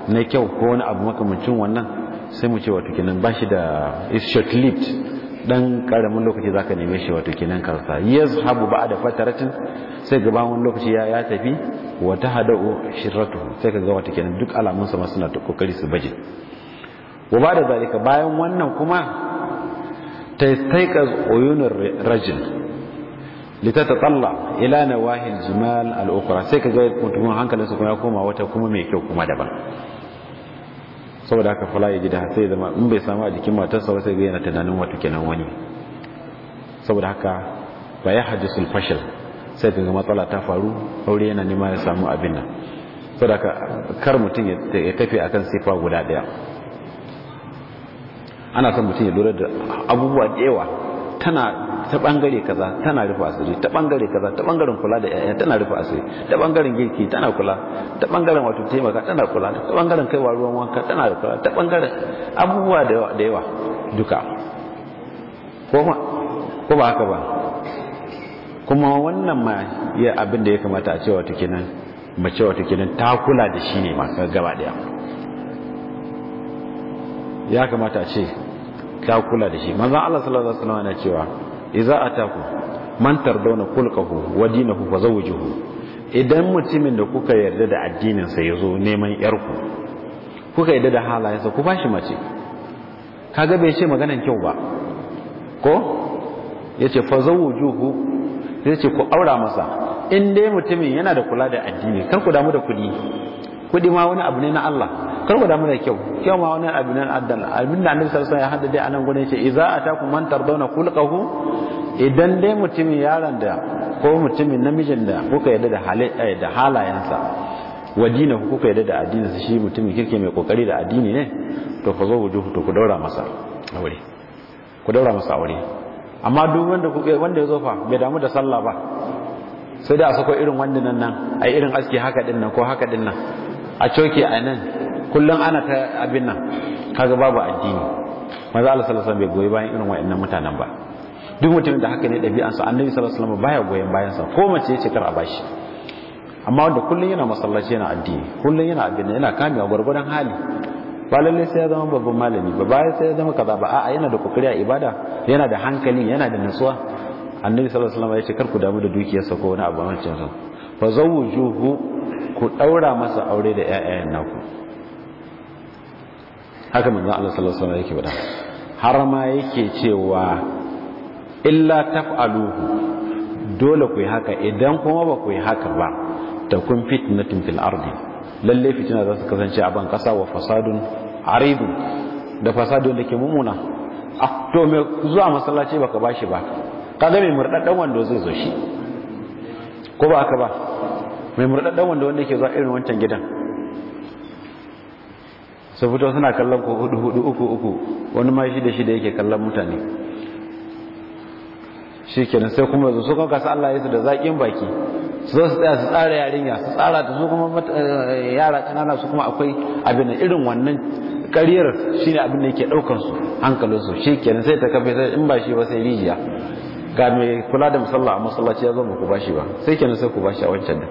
na kyau ko wani abu makamancin wannan sai mu ce wato kenan bashi da is short lived dan karamin lokaci zaka neme shi wato kenan karsa yazhabu ba'da fataratin sai ga bawon lokaci ya ya tafi wa tahadu shirratu sai ga wato kenan duk alamun sa suna ta kokari su baje wa ba'da zalika bayan wannan kuma tastayqaz uyunur rajul litatatalla ila nawahil jimal al-ukhra sai ga mutumin hankalinsa kuma ya koma wata kuma mai kyau kuma daban saboda haka fala ya gida sai zama in bai samu a jikin matarsa ba sai ga yana tunanin wata kenan wani saboda haka ba ya sun fashil sai zama matsala ta faru aure yana nema ya samu abin nan saboda haka kar mutum ya tafi akan sifa guda daya ana son mutum ya lura da abubuwa da yawa tana ta bangare kaza tana rufe asiri ta bangare kaza ta bangaren kula da yaya tana rufe asiri ta bangaren girki tana kula ta bangaren wato taimaka tana kula ta bangaren kaiwa ruwan wanka tana kula ta bangaren abubuwa da yawa duka ko ba haka ba kuma wannan ma ya abin ya kamata a cewa ta kenan mace wato kenan ta kula da shi ne ma gaba daya ya kamata a ce ka kula da shi manzo Allah sallallahu alaihi wasallam yana cewa idza ataku man tardawna kulkahu wa dinahu zawjuhu idan mutumin da kuka yarda da addinin sa yazo neman yar ku kuka yarda da halayensa ku bashi mace kaga bai ce maganan kyau ba ko yace fazawjuhu yace ku aura masa in dai mutumin yana da kula da addini kar ku damu da kudi kudi ma wani abu ne na Allah kar da muna da kyau kyau ma wani abin nan addan abin da annabi sallallahu alaihi wasallam ya hada dai anan gurin ce idza atakum man tardawna khulqahu idan dai mutumin yaron da ko mutumin namijin da kuka yarda da halayen eh, da halayensa wa dinahu kuka yarda da addininsa shi mutumin kirke mai kokari da addini ne to ku zo wujuhu to ku daura masa aure ku daura masa aure amma duk wanda wanda ya zo fa bai damu da sallah ba sai da a sako irin wannan nan ai irin aski haka din nan ko haka din nan a coke a nan kullum ana ta abin nan kaga babu addini maza Allah sallallahu alaihi wasallam bai goyi bayan irin wayannan mutanen ba duk mutumin da haka ne ɗabi'ansa annabi sallallahu alaihi wasallam baya goyon bayan sa ko mace ce kar a bashi amma wanda kullum yana masallaci yana addini kullum yana abin nan yana kamewa gurgurdan hali ba lallai sai ya zama babban malami ba ba sai ya zama kaza ba a'a yana da kokari a ibada yana da hankali yana da nutsuwa annabi sallallahu alaihi wasallam ya ce kar ku damu da dukiyar sa ko wani abu a wancan sa fa zawujuhu ku daura masa aure da ƴaƴayen naku haka manzon Allah sallallahu alaihi wasallam yake bada har ma yake cewa illa taf'aluhu dole ku yi haka idan kuma ba ku yi haka ba takun fitnatun fil ardi lalle fitina za su kasance a ban kasa wa fasadun aridu da fasadun da ke mummuna a ah, to me zuwa masallaci baka bashi ba ka ga mai murdaddan wanda zai zo shi ko ba haka ba mai murdaddan wanda wanda yake zuwa irin wancan gidan su fito suna kallon ku hudu hudu uku uku wani ma shida shida yake kallon mutane shi kenan sai kuma yanzu su kanka Allah ya su da zaƙin baki su zo su tsaya su tsara yarinya su tsara ta su kuma eh, yara kanana su kuma akwai abin da irin wannan kariyar shine abin da yake daukar su hankalin su shi kenan sai ta kafe sai in ba shi ba sai rijiya ga mai kula da musalla a masallaci ya zo ba ku bashi ba sai kenan sai ku bashi a wancan da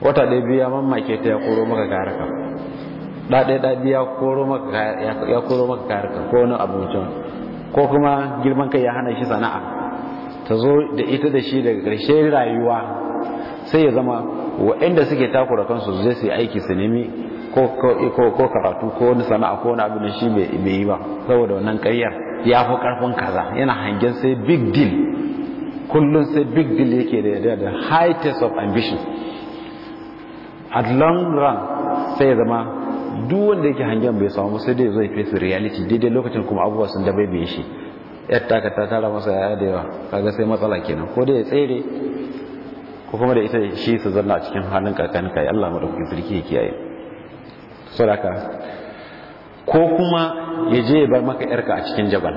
wata ɗaya biya mamake ta ya koro maka gara ɗaɗe ɗaɗe ya koro maka kayarka ko wani abincin ko kuma girman kai ya hana shi sana'a ta zo da ita da shi daga ƙarshe rayuwa sai ya zama waɗanda suke takura kansu zai su yi aiki su nemi ko karatu ko wani sana'a ko wani abu da shi bai yi ba saboda wannan ƙaryar ya fi ƙarfin kaza yana hangen sai big deal kullum sai big deal yake da da high test of ambition at long run sai ya zama duk wanda yake hangen bai samu sai dai zai face reality daidai lokacin kuma abubuwa sun da bai shi yar taka ta tara masa yaya da yawa kaga sai matsala kenan ko dai ya tsere ko kuma da ita shi su zanna a cikin halin kakanin kai Allah madaukakin sarki ya kiyaye saboda ko kuma ya je ya bar maka yarka a cikin jabal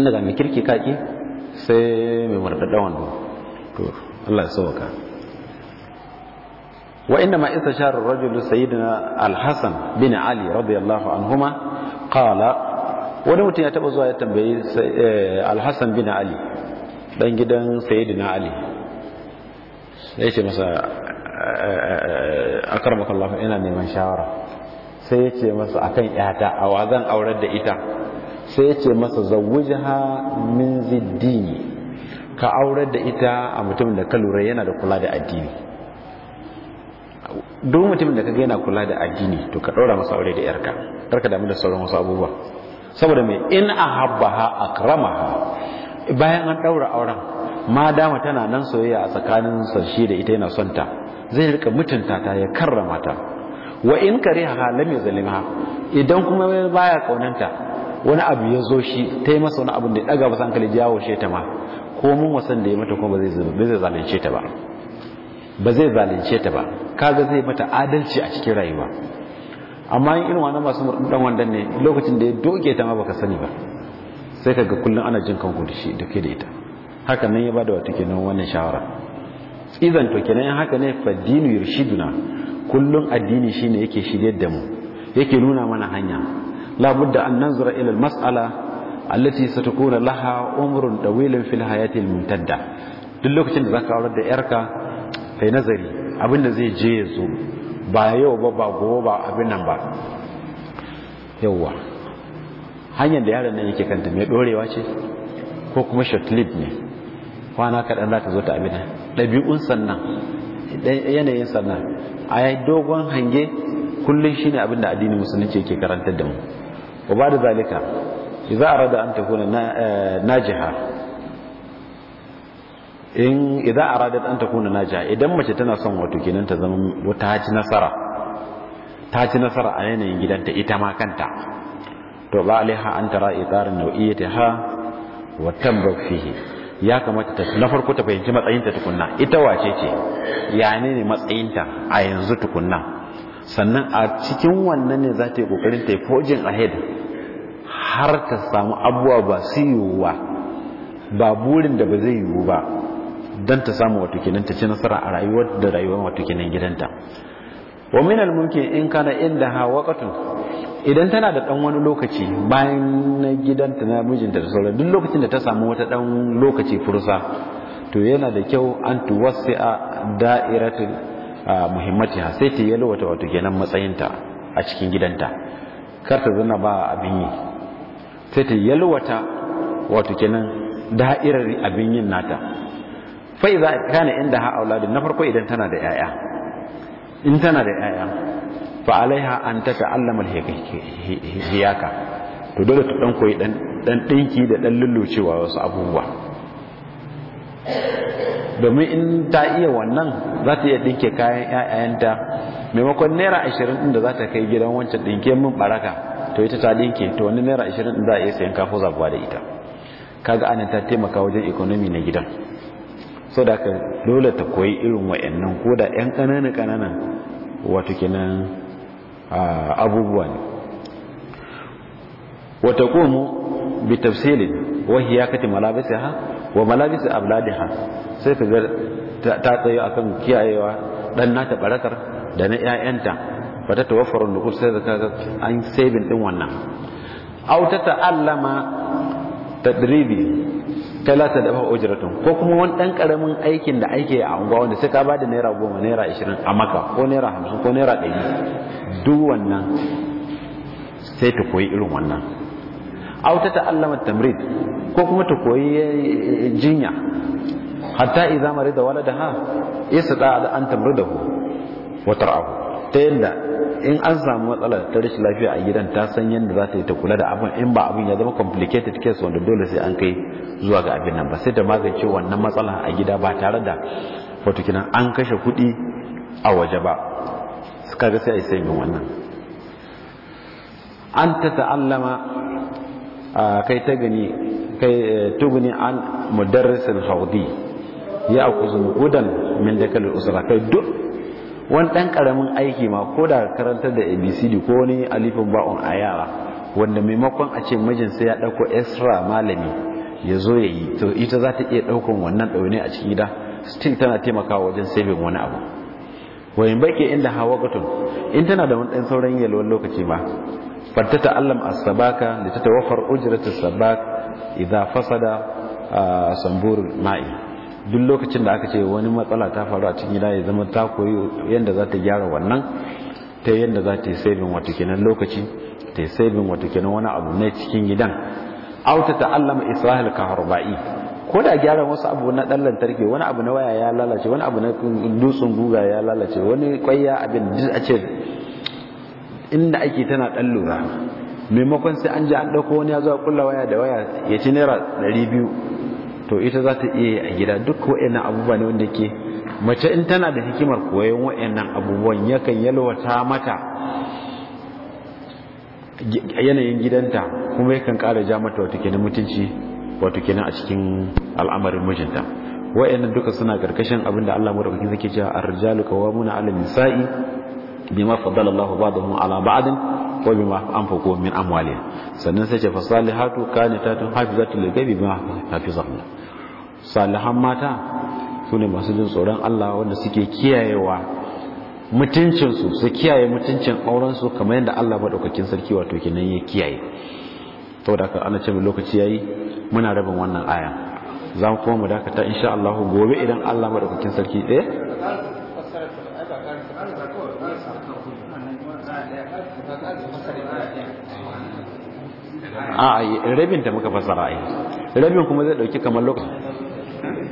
inda ga mai kirki kaki sai mai murɗaɗɗa wando to Allah ya sauka وإنما استشار الرجل سيدنا الحسن بن علي رضي الله عنهما قال wani mutum ya taba zuwa ya tambayi eh, alhassan bin ali dan gidan sayyidina ali sai ce masa eh, eh, ina neman shawara sai ya ce masa kan yata a zan aurar da ita sai ya ce masa zawujha min ka aurar da ita a mutum da ka lura yana da kula da addini duk mutumin da kaga yana kula da addini to ka ɗora masa aure da yarka karka damu da sauran wasu abubuwa saboda mai in ahabbaha akramaha bayan an ɗaura auren ma dama tana nan soyayya a tsakanin shi da ita yana son ta zai rika mutunta ta ya karrama ta wa in kariha lam yuzlimha idan kuma baya kaunanta wani abu ya zo shi ta yi masa wani abu da ya ɗaga ba hankali jawo shi ta ma ko mun wasan da ya mata kuma ba zai zalunce ta ba ba zai zalunce ta ba kaga zai mata adalci a cikin rayuwa amma in irin wannan masu murdan wandan ne lokacin da ya doke ta ma baka sani ba sai kaga kullun ana jin kanku da shi da ke da ita haka nan ya bada wata kenan wannan shawara idan to kenan haka ne fa dinu yurshiduna kullun addini shine yake shigar da mu yake nuna mana hanya labudda an nanzura ila almas'ala allati satakuna laha umrun tawilun fil hayati al duk lokacin da zaka aurar da yarka kai nazari abinda zai je ya zo ba yau ba ba gobe ba abin nan ba yauwa hanyar da yaron nan yake kanta mai dorewa ce ko kuma shortlib ne kwana kaɗan za ta zo ta abin nan ɗabi'un sannan yanayin sannan a yi dogon hange kullum shine abin da addinin musulunci yake karantar da mu wa ba da zalika za a rada an na eh, najiha in idan aradat an na naja idan mace tana son wato kenan ta zama wata ci nasara ta ci nasara a yanayin gidanta ita ma kanta to ba alaiha an tara idarin nau'iyataha wa tambak fihi ya kamata ta na farko ta fahimci matsayinta tukunna ita wace ce ya ne ne matsayinta a yanzu tukunna sannan a cikin wannan ne za ta yi kokarin ta yi fojin ahead har ta samu abubuwa ba su yiwuwa ba burin da ba zai yiwu ba don ta samu wato kenan ta ci nasara a rayuwar da rayuwar wato kenan gidanta wa min al mumkin in kana inda ha waqatun idan tana da dan wani lokaci bayan na gidanta na mijinta da sauran duk lokacin da ta samu wata dan lokaci fursa to yana da kyau an tuwassi'a da'iratul muhimmatiha sai ta yalo wata wato kenan matsayinta a cikin gidanta kar ta zana ba abin yi sai ta yalwata wato kenan da'irar abin yin nata fa idza kana ha auladun na farko idan tana da yaya in tana da yaya fa alaiha an ta'allama hiyaka to dole ta dan koyi dan dan dinki da dan lullucewa wasu abubuwa domin in ta iya wannan za ta iya dinke kayan 'ya'yanta maimakon naira ashirin ɗin da za ta kai gidan wancan dinke min baraka to ita ta dinke to wani naira ashirin ɗin za a iya sayan kafo zabuwa da ita kaga anan ta taimaka wajen ikonomi na gidan so da ka dole ta koyi irin wa'annan ko da 'yan ƙananan ƙananan wato kenan abubuwa ne wata komo bi tafsirin wahi ya kati malabisa ha wa malabisa abladi ha sai ka ta tsaye akan kiyayewa dan nata barakar da na 'ya'yanta ba ta tawaffar nukur sai da an sabin ɗin wannan Auta ta ta'allama tadribi talata da ujratun ko kuma wani dan karamin aikin da ake a unguwa wanda sai ka da naira goma naira ishirin a maka ko naira hamsin ko naira ɗari duk wannan sai ta koyi irin wannan a ta ta'allama tamrid ko kuma ta koyi eh, jinya hatta idza marida isa da an hu wa tar'ahu ta yadda in an samu matsala ta rashin lafiya a gidan ta san yadda za ta yi ta kula da abin in ba abin ya zama complicated case wanda dole sai an kai zuwa ga abin nan ba sai ta magance wannan matsala a gida ba tare da fatukinan an kashe kuɗi a waje ba kaga sai a yi sayin wannan an ta ta'allama kai ta gani kai eh, tuguni an mudarrisin haudi ya akuzu gudan min dakal usra kai duk wani ɗan ƙaramin aiki ma ko da karantar da abcd ko wani alifin ba'on a yara wanda maimakon a ce mijinsa ya ɗauko extra malami ya zo ya yi to ita za ta iya ɗaukan wannan ɗaune a ciki gida still tana taimakawa wajen saving wani abu wani baƙi inda hawa hawaqatun in tana da wani ɗan sauran yalwan lokaci ba fatta allam a sabaka tawafar ta sabak idza fasada ah, samburul ma'i duk lokacin da aka ce wani matsala ta faru a cikin gida ya zama ta koyi yadda za ta gyara wannan ta yadda za ta yi saving wato kenan lokaci ta yi saving wato kenan wani abu na cikin gidan auta ta allama isra'il kaharba'i ko da gyara wasu abu na dan lantarki wani abu na waya ya lalace wani abu na dutsen guga ya lalace wani kwayya abin duk a ce inda ake tana dan lura maimakon sai an ji an dauko wani ya zo kulla waya da waya ya ci naira biyu. to ita za ta iya a gida duk wa'annan abubuwa ne wanda ke mace in tana da hikimar koyon wa'annan abubuwan yakan yalwata mata yanayin gidanta kuma yakan kara ja mata wata kenan mutunci wata kenan a cikin al'amarin mijinta wa'annan duka suna karkashin abin da Allah madaukakin zake cewa ar-rijalu qawwamuna 'ala nisa'i bima faddala Allahu ba'dahum 'ala ba'din wa bima anfaqu min amwalihim sannan sai ce fasalihatu kanitatu hafizatu lil bima hafizahullah salihan mata su ne masu jin tsoron Allah wanda suke kiyayewa mutuncinsu su kiyaye mutuncin aurensu kamar yadda Allah maɗaukakin sarki wato kenan ya kiyaye saboda aka ana ce lokaci yayi muna rabin wannan aya za mu kuma mu dakata insha Allah gobe idan Allah maɗaukakin sarki ɗaya eh? a rabin da muka fassara ai rabin kuma zai dauki kamar lokaci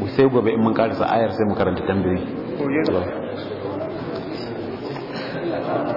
sai gobe in mun karasa ayar sai mu karanta tambayoyi